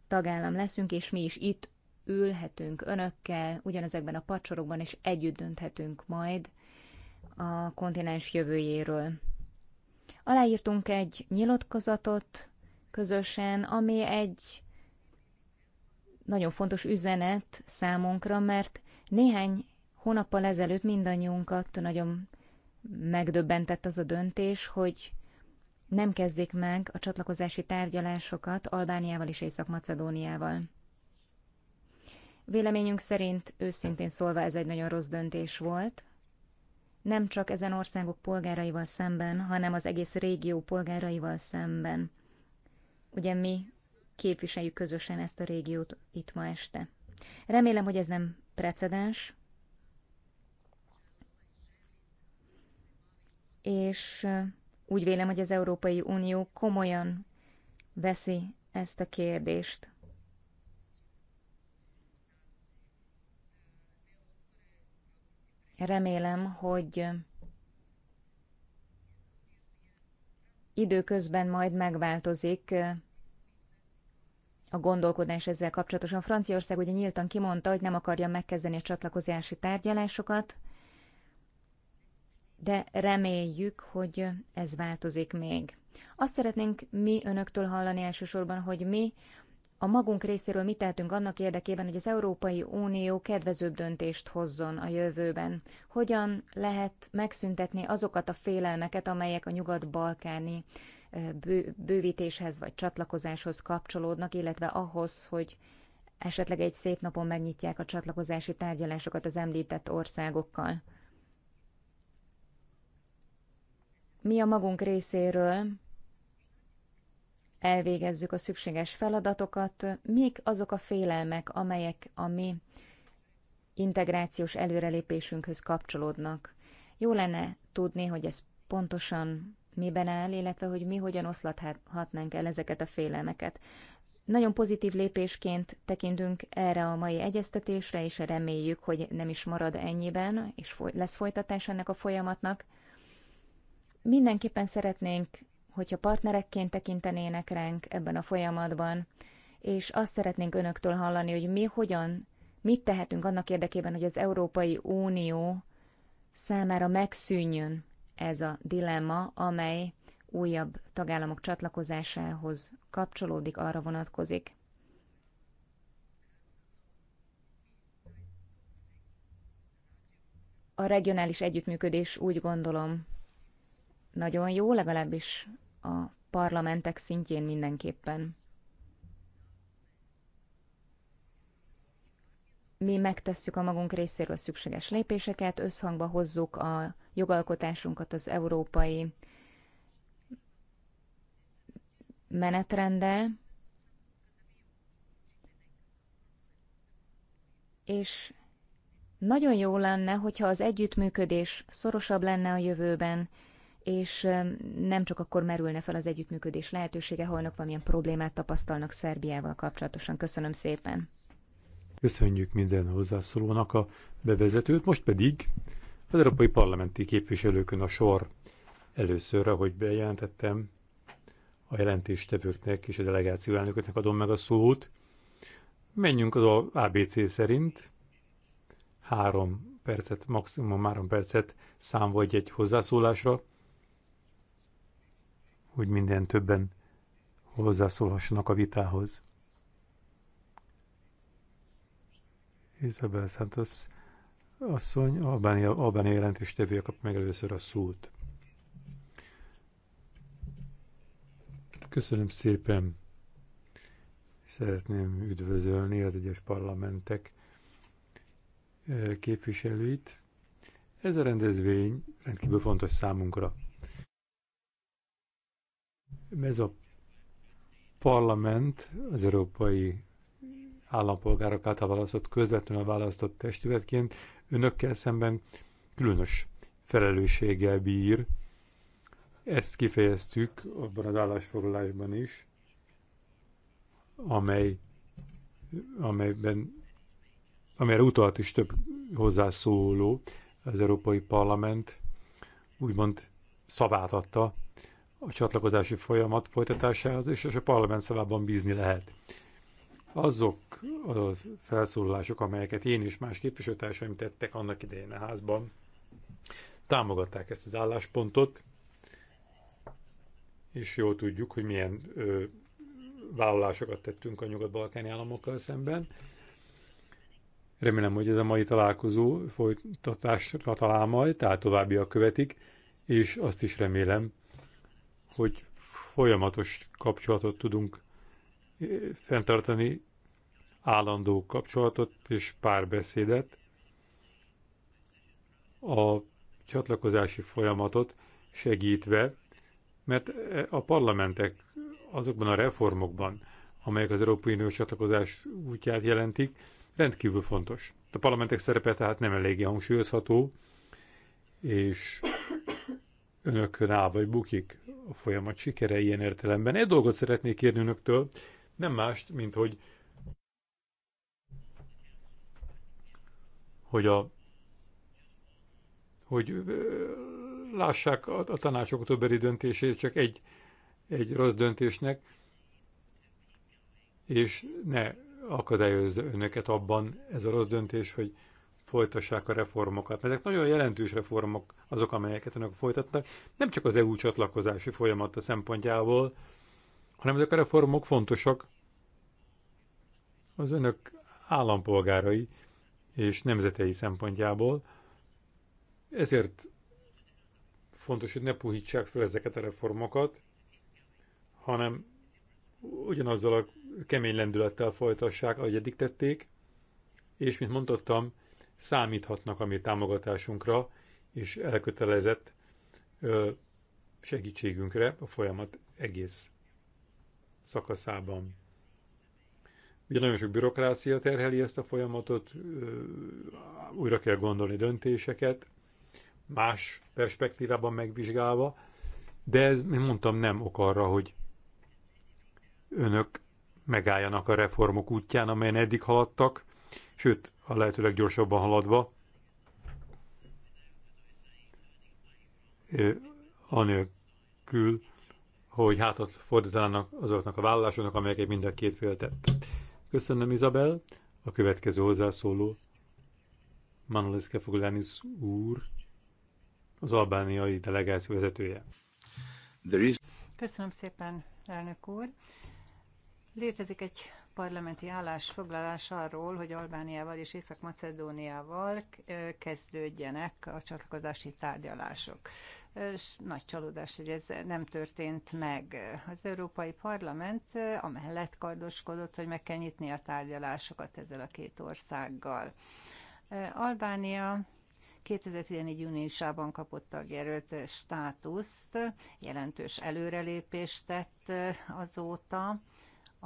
tagállam leszünk, és mi is itt ülhetünk önökkel, ugyanezekben a pacsorokban, és együtt dönthetünk majd a kontinens jövőjéről. Aláírtunk egy nyilatkozatot közösen, ami egy nagyon fontos üzenet számunkra, mert néhány hónappal ezelőtt mindannyiunkat nagyon megdöbbentett az a döntés, hogy nem kezdik meg a csatlakozási tárgyalásokat Albániával és Észak-Macedóniával. Véleményünk szerint őszintén szólva ez egy nagyon rossz döntés volt, nem csak ezen országok polgáraival szemben, hanem az egész régió polgáraival szemben. Ugye mi képviseljük közösen ezt a régiót itt ma este. Remélem, hogy ez nem precedens, és úgy vélem, hogy az Európai Unió komolyan veszi ezt a kérdést. Remélem, hogy időközben majd megváltozik a gondolkodás ezzel kapcsolatosan. Franciaország ugye nyíltan kimondta, hogy nem akarja megkezdeni a csatlakozási tárgyalásokat, de reméljük, hogy ez változik még. Azt szeretnénk mi önöktől hallani elsősorban, hogy mi a magunk részéről mit tehetünk annak érdekében, hogy az Európai Unió kedvezőbb döntést hozzon a jövőben? Hogyan lehet megszüntetni azokat a félelmeket, amelyek a nyugat-balkáni bővítéshez vagy csatlakozáshoz kapcsolódnak, illetve ahhoz, hogy esetleg egy szép napon megnyitják a csatlakozási tárgyalásokat az említett országokkal. Mi a magunk részéről elvégezzük a szükséges feladatokat, mik azok a félelmek, amelyek a mi integrációs előrelépésünkhöz kapcsolódnak. Jó lenne tudni, hogy ez pontosan miben áll, illetve hogy mi hogyan oszlathatnánk el ezeket a félelmeket. Nagyon pozitív lépésként tekintünk erre a mai egyeztetésre, és reméljük, hogy nem is marad ennyiben, és lesz folytatás ennek a folyamatnak. Mindenképpen szeretnénk, hogyha partnerekként tekintenének ránk ebben a folyamatban, és azt szeretnénk önöktől hallani, hogy mi hogyan, mit tehetünk annak érdekében, hogy az Európai Unió számára megszűnjön ez a dilemma, amely újabb tagállamok csatlakozásához kapcsolódik, arra vonatkozik. A regionális együttműködés úgy gondolom nagyon jó, legalábbis a parlamentek szintjén mindenképpen. mi megtesszük a magunk részéről a szükséges lépéseket, összhangba hozzuk a jogalkotásunkat az európai menetrendel, és nagyon jó lenne, hogyha az együttműködés szorosabb lenne a jövőben, és nem csak akkor merülne fel az együttműködés lehetősége, ha önök valamilyen problémát tapasztalnak Szerbiával kapcsolatosan. Köszönöm szépen! Köszönjük minden hozzászólónak a bevezetőt, most pedig az Európai Parlamenti képviselőkön a sor. Először, ahogy bejelentettem, a jelentéstevőknek és a delegáció elnököknek adom meg a szót. Menjünk az ABC szerint. Három percet, maximum három percet szám vagy egy hozzászólásra, hogy minden többen hozzászólhassanak a vitához. Isabel Santos asszony, Albánia, jelentés tevője kap meg először a szót. Köszönöm szépen. Szeretném üdvözölni az egyes parlamentek eh, képviselőit. Ez a rendezvény rendkívül fontos számunkra. Ez a parlament az Európai állampolgárok által választott, közvetlenül választott testületként önökkel szemben különös felelősséggel bír. Ezt kifejeztük abban az állásfoglalásban is, amely, amelyben, amelyre utalt is több hozzászóló, az Európai Parlament úgymond szabát adta a csatlakozási folyamat folytatásához, és a parlament szavában bízni lehet. Azok a felszólalások, amelyeket én és más képviselőtársaim tettek annak idején a házban, támogatták ezt az álláspontot, és jól tudjuk, hogy milyen ö, vállalásokat tettünk a nyugat-balkáni államokkal szemben. Remélem, hogy ez a mai találkozó folytatásra talál majd, tehát továbbiak követik, és azt is remélem, hogy folyamatos kapcsolatot tudunk fenntartani állandó kapcsolatot és párbeszédet, a csatlakozási folyamatot segítve, mert a parlamentek azokban a reformokban, amelyek az Európai Unió csatlakozás útját jelentik, rendkívül fontos. A parlamentek szerepe tehát nem eléggé hangsúlyozható, és önökön áll vagy bukik a folyamat sikere ilyen értelemben. Egy dolgot szeretnék kérni önöktől, nem mást, mint hogy hogy a hogy lássák a, a tanácsok októberi döntését csak egy, egy rossz döntésnek, és ne akadályozza önöket abban ez a rossz döntés, hogy folytassák a reformokat. Mert ezek nagyon jelentős reformok azok, amelyeket önök folytatnak. nem csak az EU csatlakozási folyamata szempontjából, hanem ezek a reformok fontosak az önök állampolgárai és nemzetei szempontjából. Ezért fontos, hogy ne puhítsák fel ezeket a reformokat, hanem ugyanazzal a kemény lendülettel folytassák, ahogy eddig tették, és, mint mondottam, számíthatnak a mi támogatásunkra és elkötelezett segítségünkre a folyamat egész szakaszában. Ugye nagyon sok bürokrácia terheli ezt a folyamatot, újra kell gondolni döntéseket, más perspektívában megvizsgálva, de ez, mint mondtam, nem ok arra, hogy önök megálljanak a reformok útján, amelyen eddig haladtak, sőt, a lehetőleg gyorsabban haladva, anélkül, hogy hátat fordítanának azoknak a vállalásoknak, amelyeket mind a két fél tett. Köszönöm, Izabel. A következő hozzászóló Manolis Kefoglánis úr, az albániai delegáció vezetője. Köszönöm szépen, elnök úr. Létezik egy parlamenti állásfoglalás arról, hogy Albániával és Észak-Macedóniával kezdődjenek a csatlakozási tárgyalások. És nagy csalódás, hogy ez nem történt meg. Az Európai Parlament amellett kardoskodott, hogy meg kell nyitni a tárgyalásokat ezzel a két országgal. Albánia 2014. júniusában kapott tagjelölt státuszt, jelentős előrelépést tett azóta,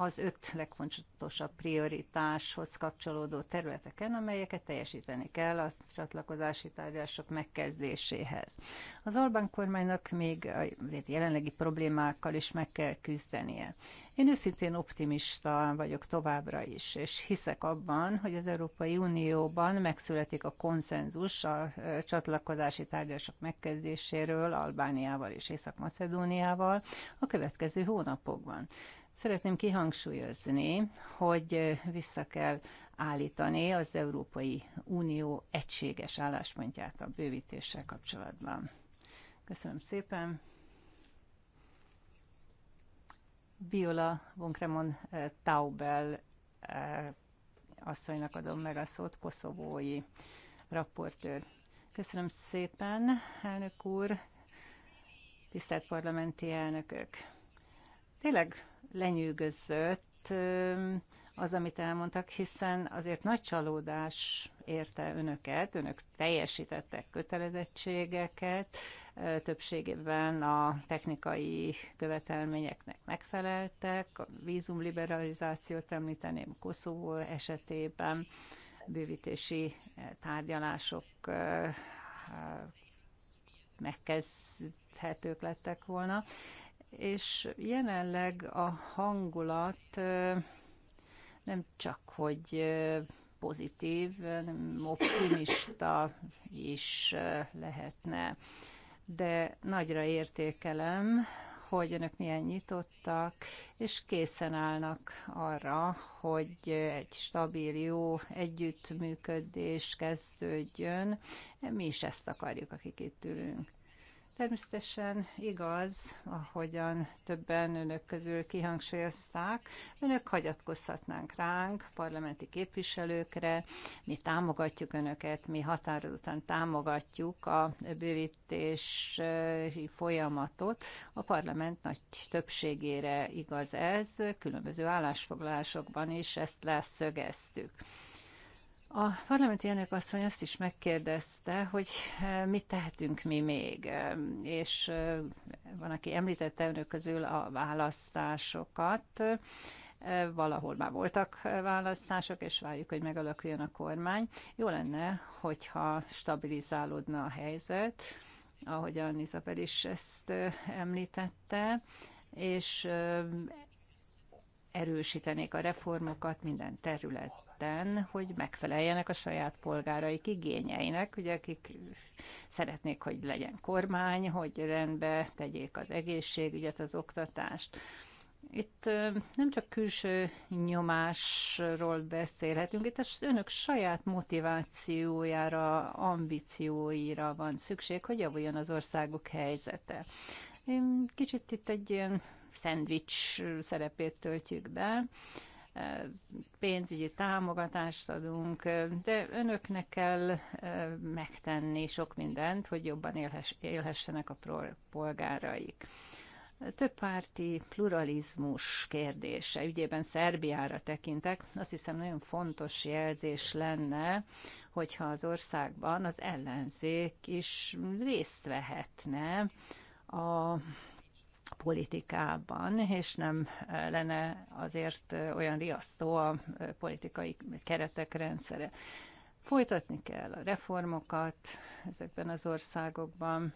az öt legfontosabb prioritáshoz kapcsolódó területeken, amelyeket teljesíteni kell a csatlakozási tárgyalások megkezdéséhez. Az Orbán kormánynak még a jelenlegi problémákkal is meg kell küzdenie. Én őszintén optimista vagyok továbbra is, és hiszek abban, hogy az Európai Unióban megszületik a konszenzus a csatlakozási tárgyalások megkezdéséről Albániával és Észak-Macedóniával a következő hónapokban. Szeretném kihangsúlyozni, hogy vissza kell állítani az Európai Unió egységes álláspontját a bővítéssel kapcsolatban. Köszönöm szépen. Viola Vonkremon eh, Taubel eh, asszonynak adom meg a szót, koszovói raportőr. Köszönöm szépen, elnök úr, tisztelt parlamenti elnökök. Tényleg lenyűgözött az, amit elmondtak, hiszen azért nagy csalódás érte önöket, önök teljesítettek kötelezettségeket, többségében a technikai követelményeknek megfeleltek, a vízumliberalizációt említeném Koszovó esetében, bővítési tárgyalások megkezdhetők lettek volna, és jelenleg a hangulat nem csak, hogy pozitív, nem optimista is lehetne. De nagyra értékelem, hogy önök milyen nyitottak, és készen állnak arra, hogy egy stabil, jó együttműködés kezdődjön. Mi is ezt akarjuk, akik itt ülünk. Természetesen igaz, ahogyan többen önök közül kihangsúlyozták, önök hagyatkozhatnánk ránk, parlamenti képviselőkre, mi támogatjuk önöket, mi határozottan támogatjuk a bővítési folyamatot. A parlament nagy többségére igaz ez, különböző állásfoglalásokban is ezt leszögeztük. A parlamenti elnök asszony azt is megkérdezte, hogy eh, mit tehetünk mi még, eh, és eh, van, aki említette önök közül a választásokat, valahol már voltak választások, és várjuk, hogy megalakuljon a kormány. Jó lenne, hogyha stabilizálódna a helyzet, ahogyan Izabel is ezt említette, és erősítenék a reformokat minden területen területen, hogy megfeleljenek a saját polgáraik igényeinek, ugye, akik szeretnék, hogy legyen kormány, hogy rendbe tegyék az egészségügyet, az oktatást. Itt nem csak külső nyomásról beszélhetünk, itt az önök saját motivációjára, ambícióira van szükség, hogy javuljon az országok helyzete. Kicsit itt egy ilyen szendvics szerepét töltjük be pénzügyi támogatást adunk, de önöknek kell megtenni sok mindent, hogy jobban élhessenek a polgáraik. párti pluralizmus kérdése ügyében Szerbiára tekintek, azt hiszem nagyon fontos jelzés lenne, hogyha az országban az ellenzék is részt vehetne a politikában, és nem lenne azért olyan riasztó a politikai keretek rendszere. Folytatni kell a reformokat ezekben az országokban,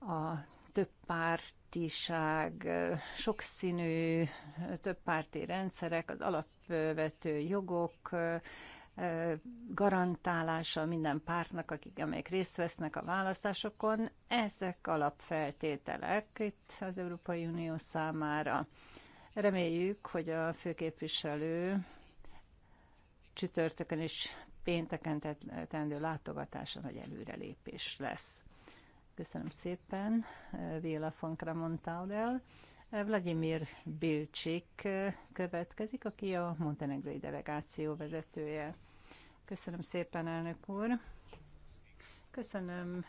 a több pártiság, sokszínű párti rendszerek, az alapvető jogok, garantálása minden pártnak, akik, amelyek részt vesznek a választásokon. Ezek alapfeltételek itt az Európai Unió számára. Reméljük, hogy a főképviselő csütörtökön és pénteken tendő látogatása nagy előrelépés lesz. Köszönöm szépen, Véla von Kramontaudel. Vladimir Bilcsik következik, aki a montenegrói delegáció vezetője. Köszönöm szépen, elnök úr. Köszönöm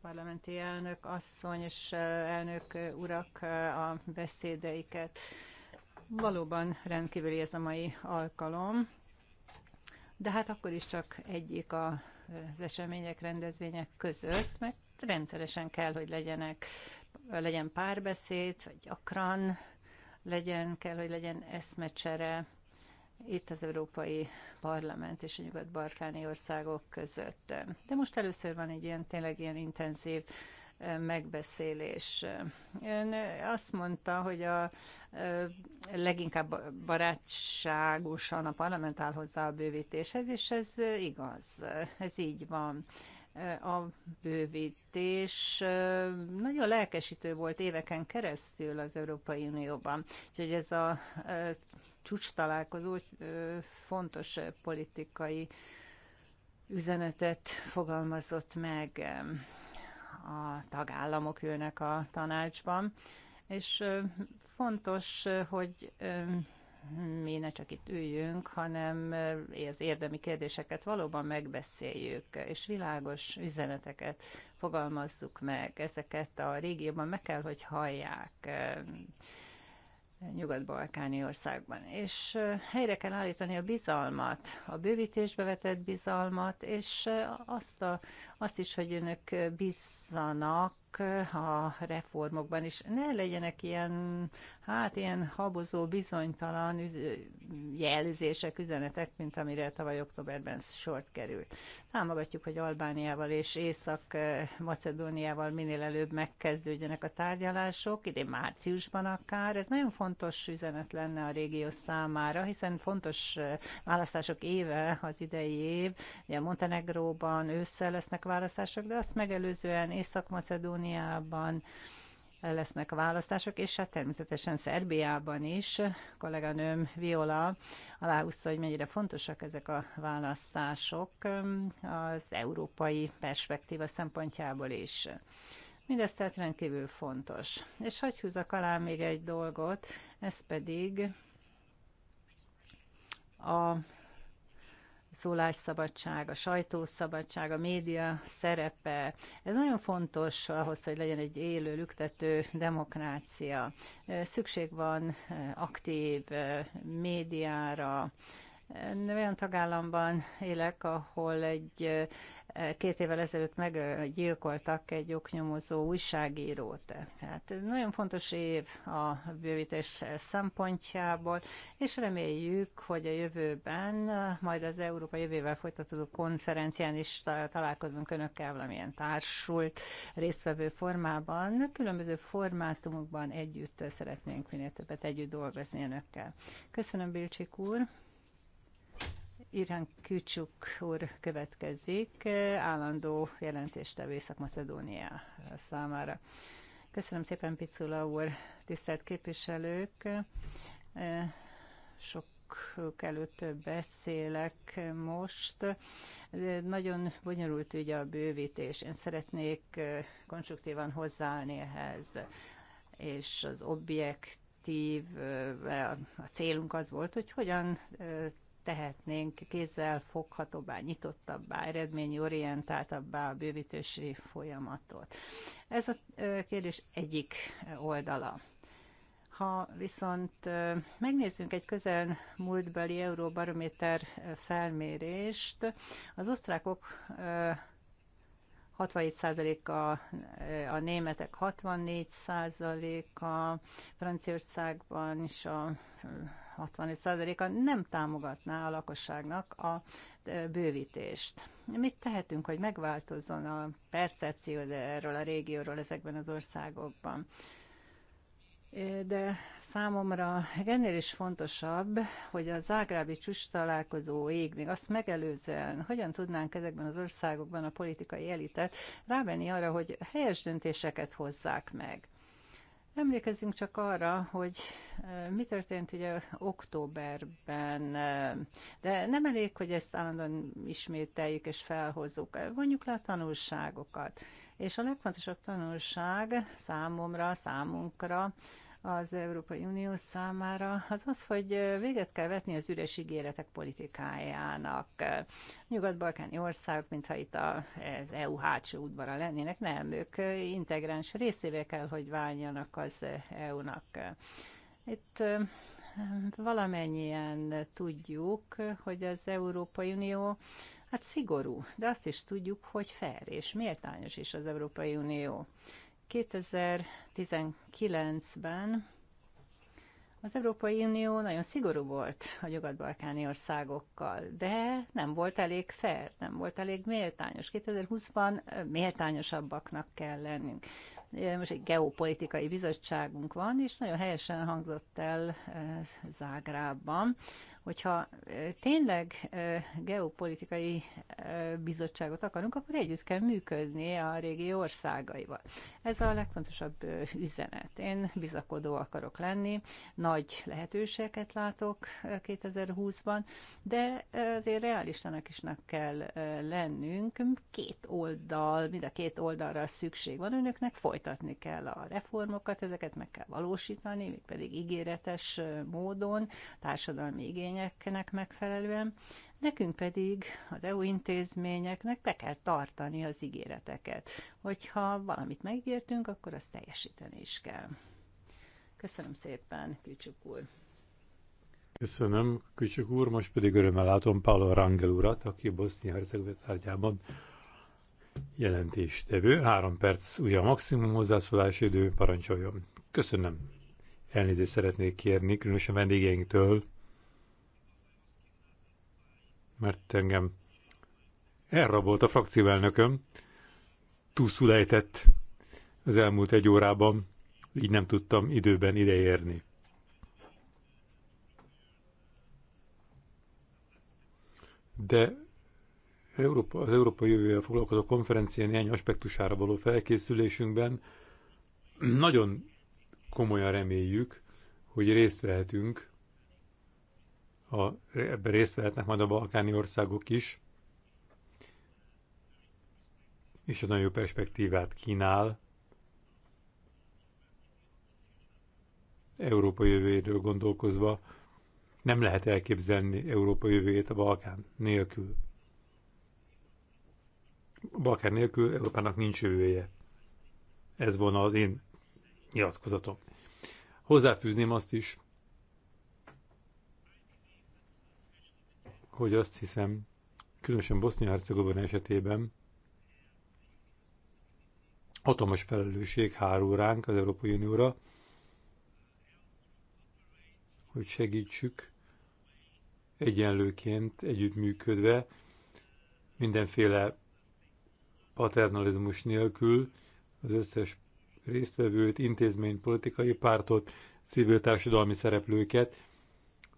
parlamenti elnök asszony és elnök urak a beszédeiket. Valóban rendkívüli ez a mai alkalom, de hát akkor is csak egyik az események, rendezvények között, mert rendszeresen kell, hogy legyenek, legyen párbeszéd, vagy gyakran legyen, kell, hogy legyen eszmecsere, itt az Európai Parlament és a nyugat-balkáni országok között. De most először van egy ilyen tényleg ilyen intenzív megbeszélés. Ön azt mondta, hogy a leginkább barátságosan a parlament áll hozzá a bővítéshez, és ez igaz, ez így van. A bővítés nagyon lelkesítő volt éveken keresztül az Európai Unióban, úgyhogy ez a csúcs találkozó fontos politikai üzenetet fogalmazott meg a tagállamok ülnek a tanácsban, és fontos, hogy mi ne csak itt üljünk, hanem az érdemi kérdéseket valóban megbeszéljük, és világos üzeneteket fogalmazzuk meg. Ezeket a régióban meg kell, hogy hallják nyugat-balkáni országban. És helyre kell állítani a bizalmat, a bővítésbe vetett bizalmat, és azt a, azt is, hogy önök bízzanak a reformokban, és ne legyenek ilyen, hát ilyen habozó, bizonytalan jelzések, üzenetek, mint amire tavaly októberben sort került. Támogatjuk, hogy Albániával és Észak-Macedóniával minél előbb megkezdődjenek a tárgyalások, idén márciusban akár. Ez nagyon fontos üzenet lenne a régió számára, hiszen fontos eh, választások éve az idei év. Ugye Montenegróban ősszel lesznek választások, de azt megelőzően Észak-Macedóniában lesznek választások, és hát természetesen Szerbiában is. A kolléganőm Viola aláhúzta, hogy mennyire fontosak ezek a választások az európai perspektíva szempontjából is. Mindez tehát rendkívül fontos. És hagyj húzak alá még egy dolgot, ez pedig a szólásszabadság, a sajtószabadság, a média szerepe. Ez nagyon fontos ahhoz, hogy legyen egy élő, lüktető demokrácia. Szükség van eh, aktív eh, médiára, olyan tagállamban élek, ahol egy eh, két évvel ezelőtt meggyilkoltak egy oknyomozó újságírót. Tehát nagyon fontos év a bővítés szempontjából, és reméljük, hogy a jövőben, majd az Európa jövővel folytatódó konferencián is találkozunk önökkel valamilyen társult résztvevő formában. Különböző formátumokban együtt szeretnénk minél többet együtt dolgozni önökkel. Köszönöm, Bilcsik úr! Irán Kücsuk úr következik, állandó jelentéstevő Észak-Macedónia számára. Köszönöm szépen, Picula úr, tisztelt képviselők! E, Sok előtt beszélek most. nagyon bonyolult ügy a bővítés. Én szeretnék e, konstruktívan hozzáállni ehhez, és az objektív, e, a célunk az volt, hogy hogyan tehetnénk kézzel foghatóbbá, nyitottabbá, eredményorientáltabbá a bővítési folyamatot. Ez a kérdés egyik oldala. Ha viszont megnézzünk egy közel múltbeli euróbarométer felmérést, az osztrákok 67% a, a németek, 64% a Franciaországban is a 65%-a nem támogatná a lakosságnak a bővítést. Mit tehetünk, hogy megváltozzon a percepció erről a régióról ezekben az országokban? de számomra ennél is fontosabb, hogy a zágrábi csúcs ég még azt megelőzően, hogyan tudnánk ezekben az országokban a politikai elitet rávenni arra, hogy helyes döntéseket hozzák meg. Emlékezzünk csak arra, hogy eh, mi történt ugye októberben, eh, de nem elég, hogy ezt állandóan ismételjük és felhozzuk. Vonjuk le a tanulságokat. És a legfontosabb tanulság számomra, számunkra az Európai Unió számára, az az, hogy véget kell vetni az üres ígéretek politikájának. Nyugat-balkáni országok, mintha itt az EU hátsó udvara lennének, nem, ők integráns részévé kell, hogy váljanak az EU-nak. Itt eh, valamennyien tudjuk, hogy az Európai Unió hát szigorú, de azt is tudjuk, hogy fair és méltányos is az Európai Unió. 2019-ben az Európai Unió nagyon szigorú volt a nyugat-balkáni országokkal, de nem volt elég fair, nem volt elég méltányos. 2020-ban méltányosabbaknak kell lennünk. Most egy geopolitikai bizottságunk van, és nagyon helyesen hangzott el Zágrában, Hogyha tényleg geopolitikai bizottságot akarunk, akkor együtt kell működni a régi országaival. Ez a legfontosabb üzenet. Én bizakodó akarok lenni, nagy lehetőségeket látok 2020-ban, de azért realistának isnak kell lennünk. Két oldal, mind a két oldalra szükség van önöknek, folytatni kell a reformokat, ezeket meg kell valósítani, mégpedig ígéretes módon, társadalmi igény igényeknek megfelelően, nekünk pedig az EU intézményeknek be kell tartani az ígéreteket. Hogyha valamit megígértünk, akkor azt teljesíteni is kell. Köszönöm szépen, Kücsök úr! Köszönöm, Kücsök úr, most pedig örömmel látom Paolo Rangel urat, aki Bosznia-Hercegovina tárgyában jelentéstevő. Három perc, ugye a maximum hozzászólási idő, parancsoljon. Köszönöm. Elnézést szeretnék kérni, különösen vendégeinktől, mert engem elrabolt a frakcióelnököm, túszul az elmúlt egy órában, így nem tudtam időben ideérni. De Európa, az Európa jövővel foglalkozó konferencián néhány aspektusára való felkészülésünkben nagyon komolyan reméljük, hogy részt vehetünk a, ebben részt vehetnek majd a balkáni országok is, és egy nagyon jó perspektívát kínál. Európa jövőjéről gondolkozva nem lehet elképzelni Európa jövőjét a Balkán nélkül. A Balkán nélkül Európának nincs jövője. Ez volna az én nyilatkozatom. Hozzáfűzném azt is, hogy azt hiszem, különösen Bosznia-Hercegovina esetében hatalmas felelősség hárul ránk az Európai Unióra, hogy segítsük egyenlőként, együttműködve, mindenféle paternalizmus nélkül az összes résztvevőt, intézményt, politikai pártot, civil társadalmi szereplőket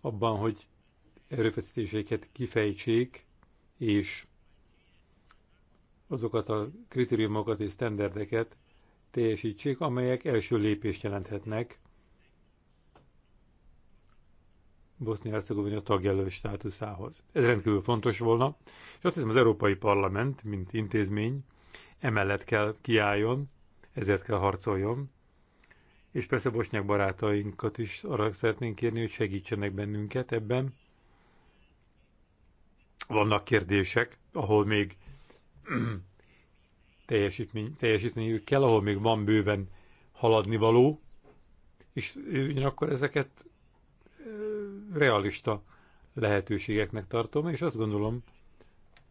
abban, hogy erőfeszítéseiket kifejtsék, és azokat a kritériumokat és sztenderdeket teljesítsék, amelyek első lépést jelenthetnek Bosznia-Hercegovina tagjelölt státuszához. Ez rendkívül fontos volna, és azt hiszem az Európai Parlament, mint intézmény, emellett kell kiálljon, ezért kell harcoljon, és persze bosnyák barátainkat is arra szeretnénk kérni, hogy segítsenek bennünket ebben, vannak kérdések, ahol még teljesítmény, teljesítményük kell, ahol még van bőven haladni való, és ugyanakkor ezeket realista lehetőségeknek tartom, és azt gondolom,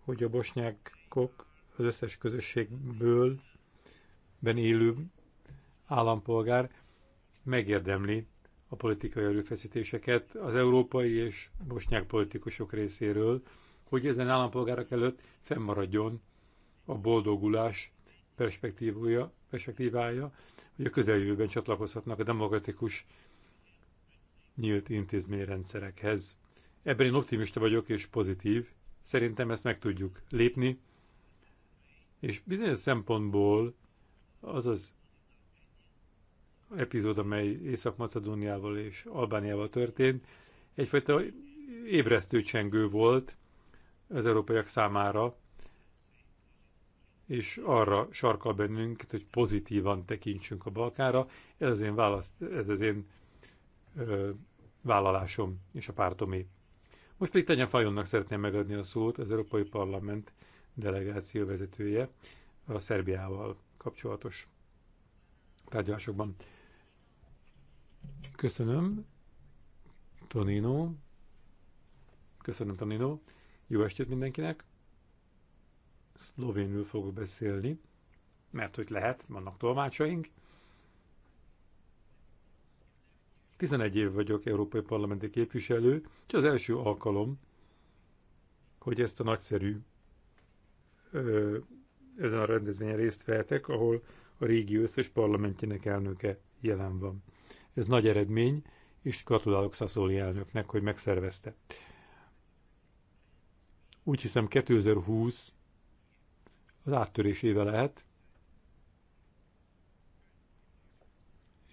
hogy a bosnyákok az összes közösségből ben élő állampolgár megérdemli a politikai erőfeszítéseket az európai és bosnyák politikusok részéről, hogy ezen állampolgárok előtt fennmaradjon a boldogulás perspektívája, perspektívája, hogy a közeljövőben csatlakozhatnak a demokratikus nyílt intézményrendszerekhez. Ebben én optimista vagyok és pozitív. Szerintem ezt meg tudjuk lépni, és bizonyos szempontból az az epizód, amely Észak-Macedóniával és Albániával történt, egyfajta ébresztő csengő volt, az európaiak számára, és arra sarkal bennünket, hogy pozitívan tekintsünk a Balkára. Ez az én, választ, ez az én ö, vállalásom és a pártomé. Most pedig Tanya Fajonnak szeretném megadni a szót, az Európai Parlament delegáció vezetője a Szerbiával kapcsolatos tárgyalásokban. Köszönöm, Tonino. Köszönöm, Tonino. Jó estét mindenkinek! Szlovénül fogok beszélni, mert hogy lehet, vannak tolmácsaink. 11 év vagyok európai parlamenti képviselő, és az első alkalom, hogy ezt a nagyszerű ö, ezen a rendezvényen részt vehetek, ahol a régi összes parlamentjének elnöke jelen van. Ez nagy eredmény, és gratulálok Szaszóli elnöknek, hogy megszervezte. Úgy hiszem 2020 az áttörés éve lehet,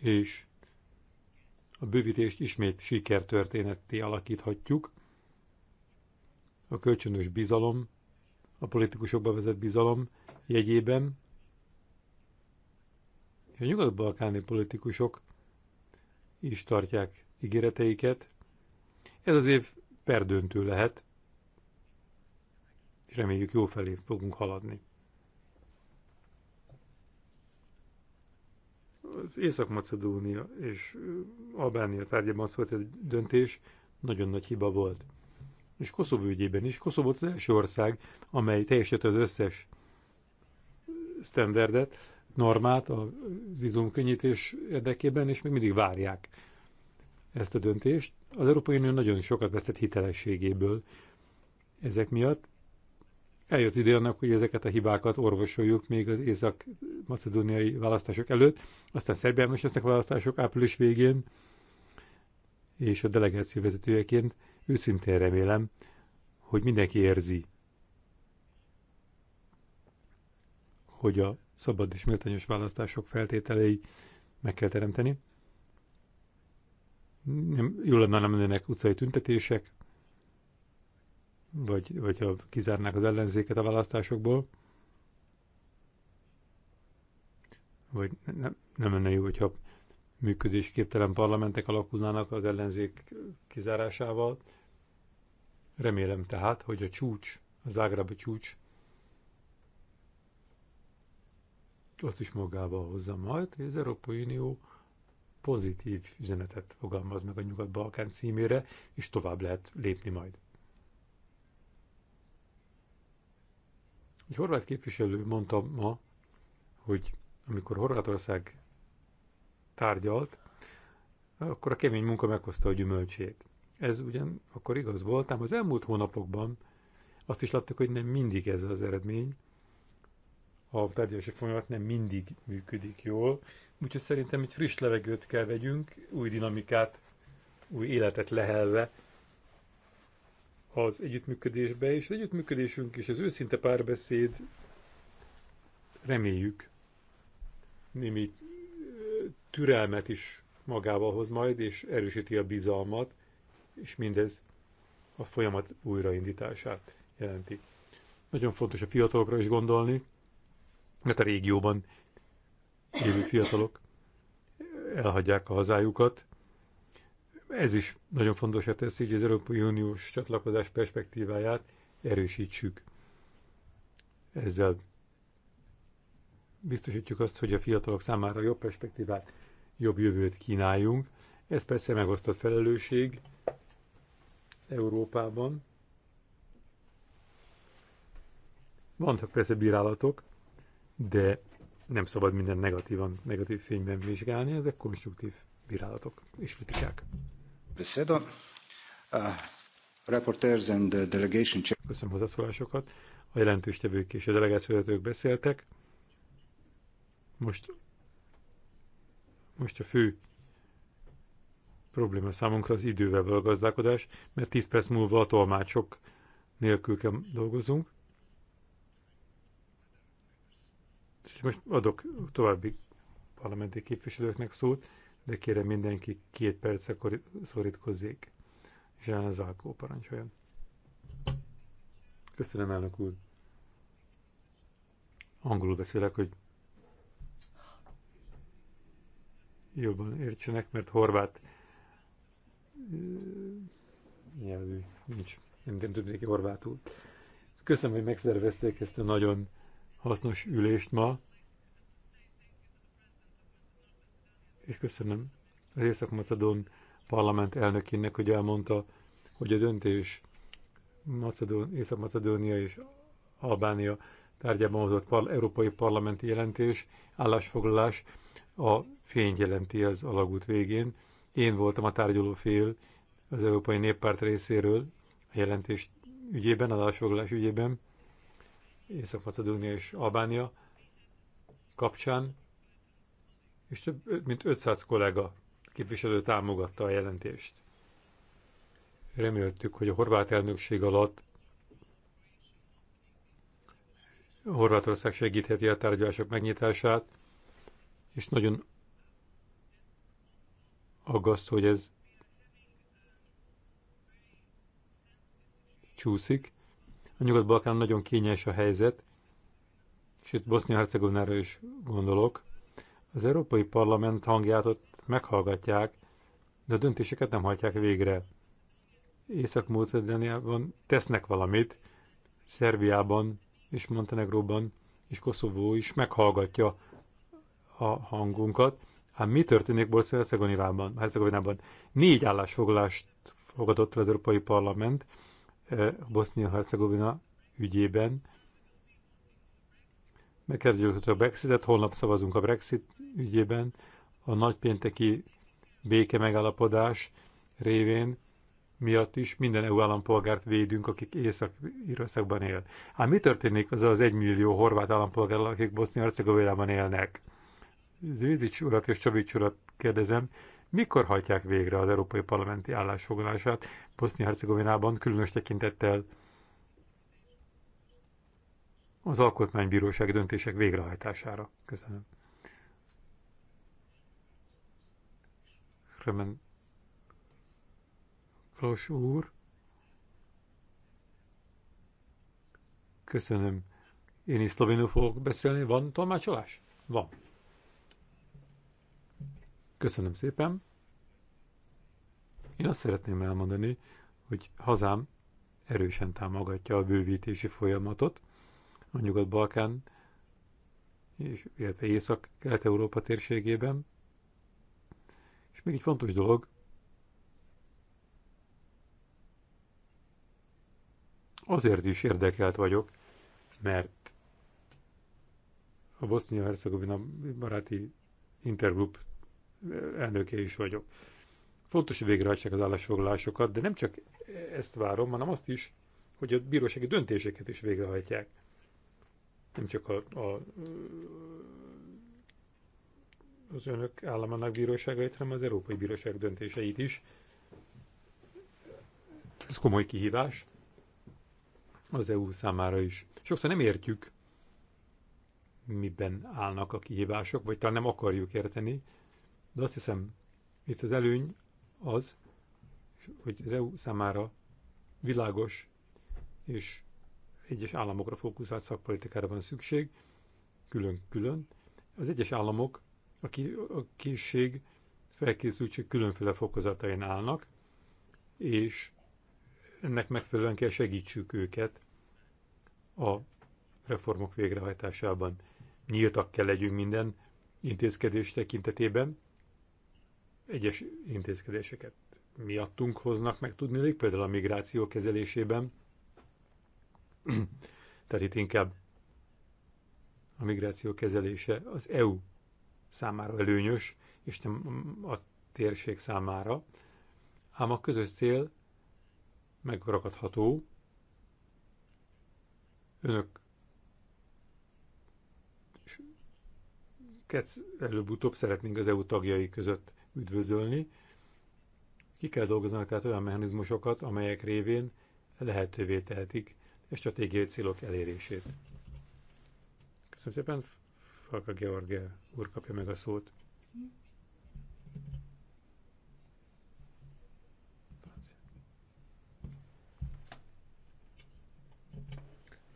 és a bővítést ismét sikertörténetté alakíthatjuk. A kölcsönös bizalom, a politikusokba vezet bizalom jegyében, és a nyugat-balkáni politikusok is tartják ígéreteiket. Ez az év perdöntő lehet, és reméljük jó felé fogunk haladni. Az Észak-Macedónia és Albánia tárgyában egy döntés nagyon nagy hiba volt. És Koszovó ügyében is. Koszovó az első ország, amely teljesítette az összes standardet, normát a vízumkönnyítés érdekében, és még mindig várják ezt a döntést. Az Európai Unió nagyon sokat vesztett hitelességéből ezek miatt, eljött ide annak, hogy ezeket a hibákat orvosoljuk még az észak-macedóniai választások előtt, aztán Szerbiában is lesznek választások április végén, és a delegáció vezetőjeként őszintén remélem, hogy mindenki érzi, hogy a szabad és méltányos választások feltételei meg kell teremteni. Nem, jól lenne, nem lennének utcai tüntetések, vagy, vagy ha kizárnák az ellenzéket a választásokból, vagy nem, nem lenne jó, hogyha működésképtelen parlamentek alakulnának az ellenzék kizárásával. Remélem tehát, hogy a csúcs, a Zágrábi csúcs azt is magával hozza majd, hogy az Európai Unió pozitív üzenetet fogalmaz meg a Nyugat-Balkán címére, és tovább lehet lépni majd. Egy horvát képviselő mondta ma, hogy amikor Horvátország tárgyalt, akkor a kemény munka meghozta a gyümölcsét. Ez ugyan akkor igaz volt, ám az elmúlt hónapokban azt is láttuk, hogy nem mindig ez az eredmény. A tárgyalási folyamat nem mindig működik jól, úgyhogy szerintem egy friss levegőt kell vegyünk, új dinamikát, új életet lehelve az együttműködésbe, és az együttműködésünk és az őszinte párbeszéd reméljük némi türelmet is magával hoz majd, és erősíti a bizalmat, és mindez a folyamat újraindítását jelenti. Nagyon fontos a fiatalokra is gondolni, mert a régióban élő fiatalok elhagyják a hazájukat, ez is nagyon hogy teszi, hogy az Európai Uniós csatlakozás perspektíváját erősítsük. Ezzel biztosítjuk azt, hogy a fiatalok számára jobb perspektívát, jobb jövőt kínáljunk. Ez persze megosztott felelősség Európában. Vannak persze bírálatok, de nem szabad minden negatívan, negatív fényben vizsgálni, ezek konstruktív bírálatok és kritikák besedo. Reporters and delegation... Köszönöm hozzászólásokat. A jelentőstevők és a delegációvezetők beszéltek. Most, most a fő probléma számunkra az idővel való gazdálkodás, mert 10 perc múlva a tolmácsok nélkül kell dolgozunk. És most adok további parlamenti képviselőknek szót de kérem mindenki két percre szorítkozzék. Zsán Zalkó parancsolja. Köszönöm, elnök úr. Angolul beszélek, hogy jobban értsenek, mert horvát nyelvű nincs. Nem, nem tudom, horvátul. Köszönöm, hogy megszervezték ezt a nagyon hasznos ülést ma. és köszönöm az Észak-Macedón parlament elnökének, hogy elmondta, hogy a döntés Macedón, Észak-Macedónia és Albánia tárgyában hozott par, európai parlamenti jelentés, állásfoglalás a fény jelenti az alagút végén. Én voltam a tárgyaló fél az Európai Néppárt részéről a jelentés ügyében, állásfoglalás ügyében, Észak-Macedónia és Albánia kapcsán és több mint 500 kollega képviselő támogatta a jelentést. Reméltük, hogy a horvát elnökség alatt Horvátország segítheti a tárgyalások megnyitását, és nagyon aggaszt, hogy ez csúszik. A Nyugat-Balkán nagyon kényes a helyzet, és itt Bosznia-Hercegovinára is gondolok. Az Európai Parlament hangját ott meghallgatják, de a döntéseket nem hajtják végre. Észak-Macedóniában tesznek valamit, Szerbiában és Montenegróban és Koszovó is meghallgatja a hangunkat. Hát mi történik Bosznia-Hercegovinában? Hercegovinában négy állásfoglalást fogadott az Európai Parlament eh, Bosznia-Hercegovina ügyében megkerüljük a Brexitet, holnap szavazunk a Brexit ügyében, a nagypénteki béke megalapodás révén miatt is minden EU állampolgárt védünk, akik Észak-Írországban él. Hát mi történik az az egymillió horvát állampolgárral, akik Bosznia-Hercegovinában élnek? Zvizics urat és Csavics urat kérdezem, mikor hajtják végre az Európai Parlamenti állásfoglalását Bosznia-Hercegovinában, különös tekintettel az alkotmánybírósági döntések végrehajtására. Köszönöm. Remen Klos úr. Köszönöm. Én is szlovénul fogok beszélni. Van tolmácsolás? Van. Köszönöm szépen. Én azt szeretném elmondani, hogy hazám erősen támogatja a bővítési folyamatot, a Nyugat-Balkán, és, illetve Észak-Kelet-Európa térségében. És még egy fontos dolog, azért is érdekelt vagyok, mert a Bosznia-Hercegovina baráti intergroup elnöke is vagyok. Fontos, hogy végrehajtsák az állásfoglalásokat, de nem csak ezt várom, hanem azt is, hogy a bírósági döntéseket is végrehajtják nem csak a, a, az önök államának bíróságait, hanem az Európai Bíróság döntéseit is. Ez komoly kihívás az EU számára is. Sokszor nem értjük, miben állnak a kihívások, vagy talán nem akarjuk érteni, de azt hiszem, itt az előny az, hogy az EU számára világos és egyes államokra fókuszált szakpolitikára van szükség, külön-külön. Az egyes államok a, ki, a készség felkészültség különféle fokozatain állnak, és ennek megfelelően kell segítsük őket a reformok végrehajtásában. Nyíltak kell legyünk minden intézkedés tekintetében, egyes intézkedéseket miattunk hoznak meg tudni, például a migráció kezelésében, Tehát itt inkább a migráció kezelése az EU számára előnyös, és nem a térség számára. Ám a közös cél megragadható. Önök előbb-utóbb szeretnénk az EU tagjai között üdvözölni. Ki kell dolgoznak tehát olyan mechanizmusokat, amelyek révén lehetővé tehetik és stratégiai célok elérését. Köszönöm szépen, Falka George úr kapja meg a szót.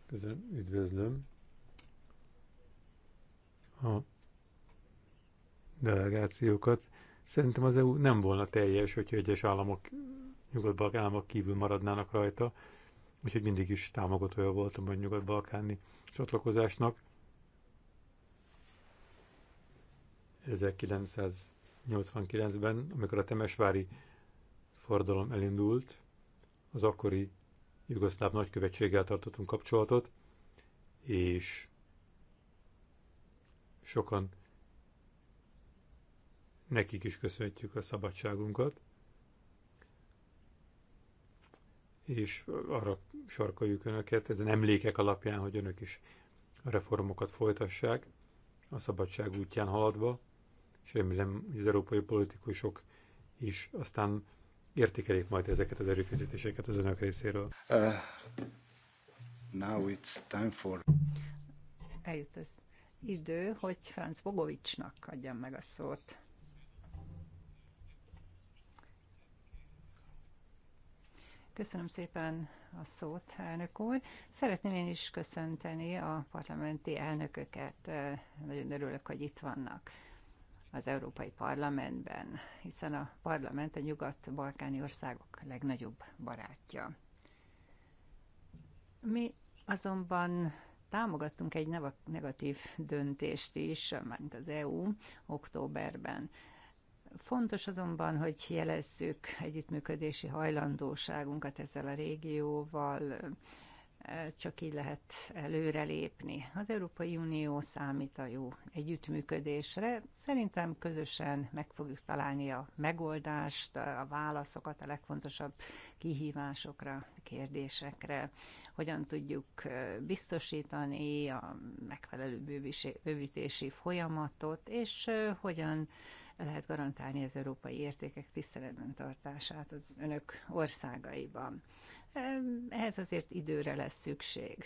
Köszönöm, üdvözlöm. A delegációkat. Szerintem az EU nem volna teljes, hogyha egyes államok, nyugat államok kívül maradnának rajta úgyhogy mindig is támogatója voltam a nyugat-balkáni csatlakozásnak. 1989-ben, amikor a Temesvári fordalom elindult, az akkori jugoszláv nagykövetséggel tartottunk kapcsolatot, és sokan nekik is köszönhetjük a szabadságunkat. és arra sarkoljuk önöket, ezen emlékek alapján, hogy önök is a reformokat folytassák, a szabadság útján haladva, és remélem, hogy az európai politikusok is aztán értékelik majd ezeket az erőfeszítéseket az önök részéről. Uh, now it's time for... Eljött az idő, hogy Franz Bogovicsnak adjam meg a szót. Köszönöm szépen a szót, elnök úr. Szeretném én is köszönteni a parlamenti elnököket. Nagyon örülök, hogy itt vannak az Európai Parlamentben, hiszen a parlament a nyugat-balkáni országok legnagyobb barátja. Mi azonban támogattunk egy negatív döntést is, mint az EU októberben. Fontos azonban, hogy jelezzük együttműködési hajlandóságunkat ezzel a régióval, e, csak így lehet előrelépni. Az Európai Unió számít a jó együttműködésre. Szerintem közösen meg fogjuk találni a megoldást, a válaszokat a legfontosabb kihívásokra, kérdésekre, hogyan tudjuk e, biztosítani a megfelelő bővítési folyamatot, és e, hogyan lehet garantálni az európai értékek tiszteletben tartását az önök országaiban. Ehhez azért időre lesz szükség.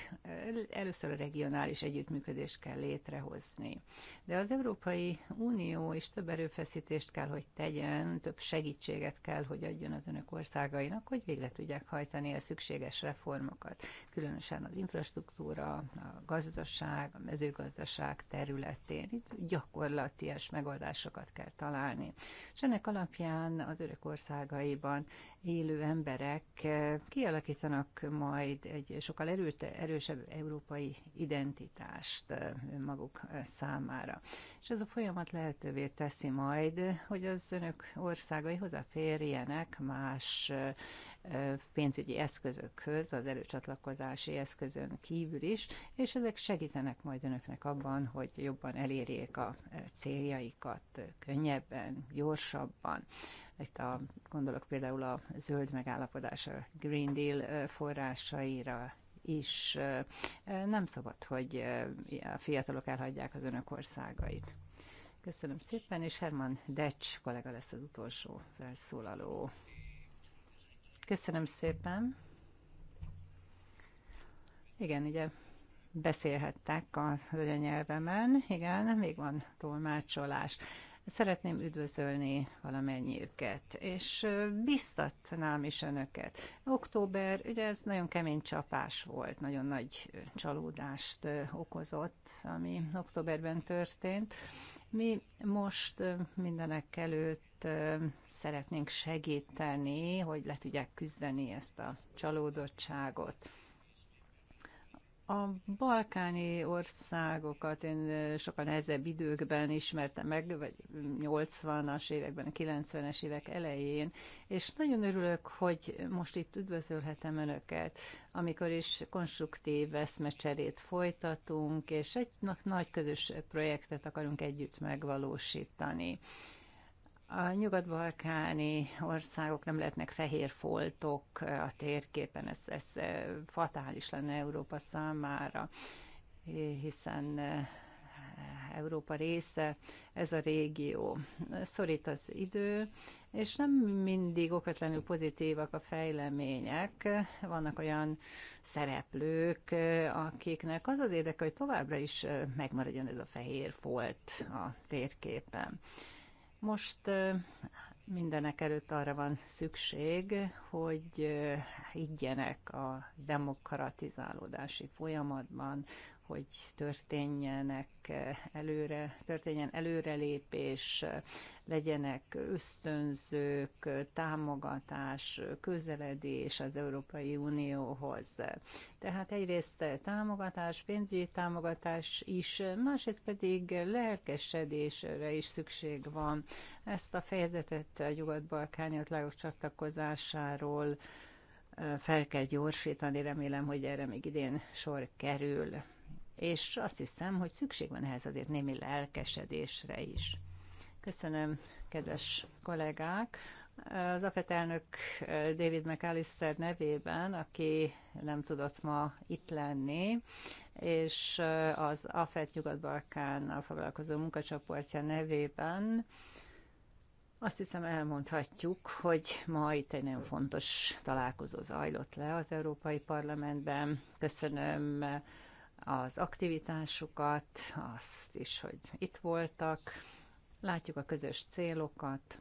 Először a regionális együttműködést kell létrehozni. De az Európai Unió is több erőfeszítést kell, hogy tegyen, több segítséget kell, hogy adjon az önök országainak, hogy végre tudják hajtani a szükséges reformokat, különösen az infrastruktúra, a gazdaság, a mezőgazdaság területén. Itt gyakorlatias megoldásokat kell találni. És ennek alapján az örök országaiban élő emberek eh, kialakítják kialakítanak majd egy sokkal erőte, erősebb európai identitást maguk számára. És ez a folyamat lehetővé teszi majd, hogy az önök országai hozzáférjenek más pénzügyi eszközökhöz, az előcsatlakozási eszközön kívül is, és ezek segítenek majd önöknek abban, hogy jobban elérjék a céljaikat könnyebben, gyorsabban. Itt a, gondolok például a zöld megállapodás, a Green Deal forrásaira is. Nem szabad, hogy a fiatalok elhagyják az önök országait. Köszönöm szépen, és Herman Decs kollega lesz az utolsó felszólaló. Köszönöm szépen. Igen, ugye beszélhettek az anyanyelvemen, igen, még van tolmácsolás. Szeretném üdvözölni valamennyiüket, és biztatnám is önöket. Október, ugye ez nagyon kemény csapás volt, nagyon nagy csalódást okozott, ami októberben történt. Mi most mindenek előtt szeretnénk segíteni, hogy le tudják küzdeni ezt a csalódottságot. A balkáni országokat én sokkal nehezebb időkben ismertem meg, vagy 80-as években, 90-es évek elején, és nagyon örülök, hogy most itt üdvözölhetem Önöket, amikor is konstruktív eszmecserét folytatunk, és egy nagy közös projektet akarunk együtt megvalósítani. A nyugat-balkáni országok nem lehetnek fehér foltok a térképen, ez, ez eh, fatális lenne Európa számára, hiszen eh, Európa része, ez a régió. Szorít az idő, és nem mindig okvetlenül pozitívak a fejlemények. Vannak olyan szereplők, eh, akiknek az az érdeke, hogy továbbra is megmaradjon ez a fehér folt a térképen. Most mindenek előtt arra van szükség, hogy higgyenek a demokratizálódási folyamatban, hogy történjenek eh, előre, történjen előrelépés, legyenek ösztönzők, támogatás, közeledés az Európai Unióhoz. Tehát egyrészt támogatás, pénzügyi támogatás is, másrészt pedig lelkesedésre is szükség van. Ezt a fejezetet a nyugat-balkáni országok csatlakozásáról eh, fel kell gyorsítani, remélem, hogy erre még idén sor kerül és azt hiszem, hogy szükség van ehhez azért némi lelkesedésre is. Köszönöm, kedves kollégák! Az AFET elnök eh, David McAllister nevében, aki nem tudott ma itt lenni, és eh, az AFET Nyugat-Balkánnal foglalkozó munkacsoportja nevében azt hiszem elmondhatjuk, hogy ma itt egy nagyon fontos találkozó zajlott le az Európai Parlamentben. Köszönöm eh, az aktivitásukat, azt is, hogy itt voltak, látjuk a közös célokat,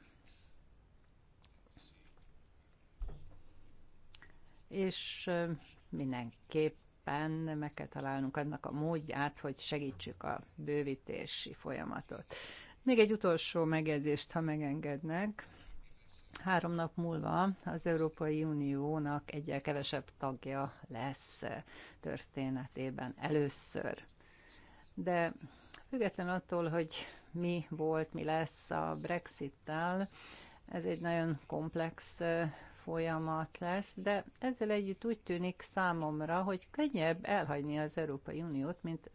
és mindenképpen meg kell találnunk annak a módját, hogy segítsük a bővítési folyamatot. Még egy utolsó megjegyzést, ha megengednek. Három nap múlva az Európai Uniónak egyel kevesebb tagja lesz történetében először. De független attól, hogy mi volt, mi lesz a Brexit-tel, ez egy nagyon komplex folyamat lesz, de ezzel együtt úgy tűnik számomra, hogy könnyebb elhagyni az Európai Uniót, mint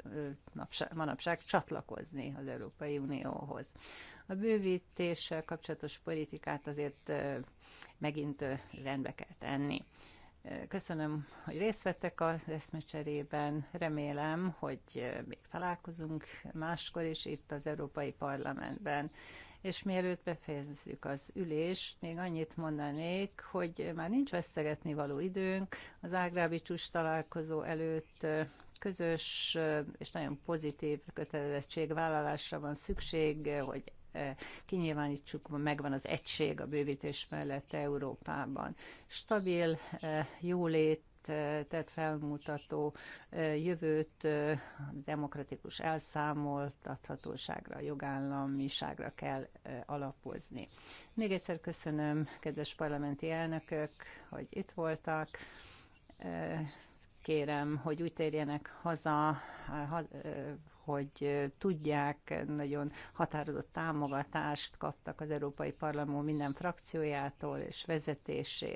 manapság csatlakozni az Európai Unióhoz. A bővítéssel kapcsolatos politikát azért megint rendbe kell tenni. Köszönöm, hogy részt vettek az eszmecserében. Remélem, hogy még találkozunk máskor is itt az Európai Parlamentben. És mielőtt befejezzük az ülést, még annyit mondanék, hogy már nincs vesztegetni való időnk. Az Ágrábi csúcs találkozó előtt közös és nagyon pozitív kötelezettségvállalásra van szükség, hogy kinyilvánítsuk, megvan az egység a bővítés mellett Európában. Stabil eh, jólét tett felmutató eh, jövőt eh, demokratikus elszámoltathatóságra, jogállamiságra kell alapozni. Még egyszer köszönöm, kedves parlamenti elnökök, hogy itt voltak. Kérem, hogy úgy térjenek haza, hogy tudják, nagyon határozott támogatást kaptak az Európai Parlament minden frakciójától és vezetését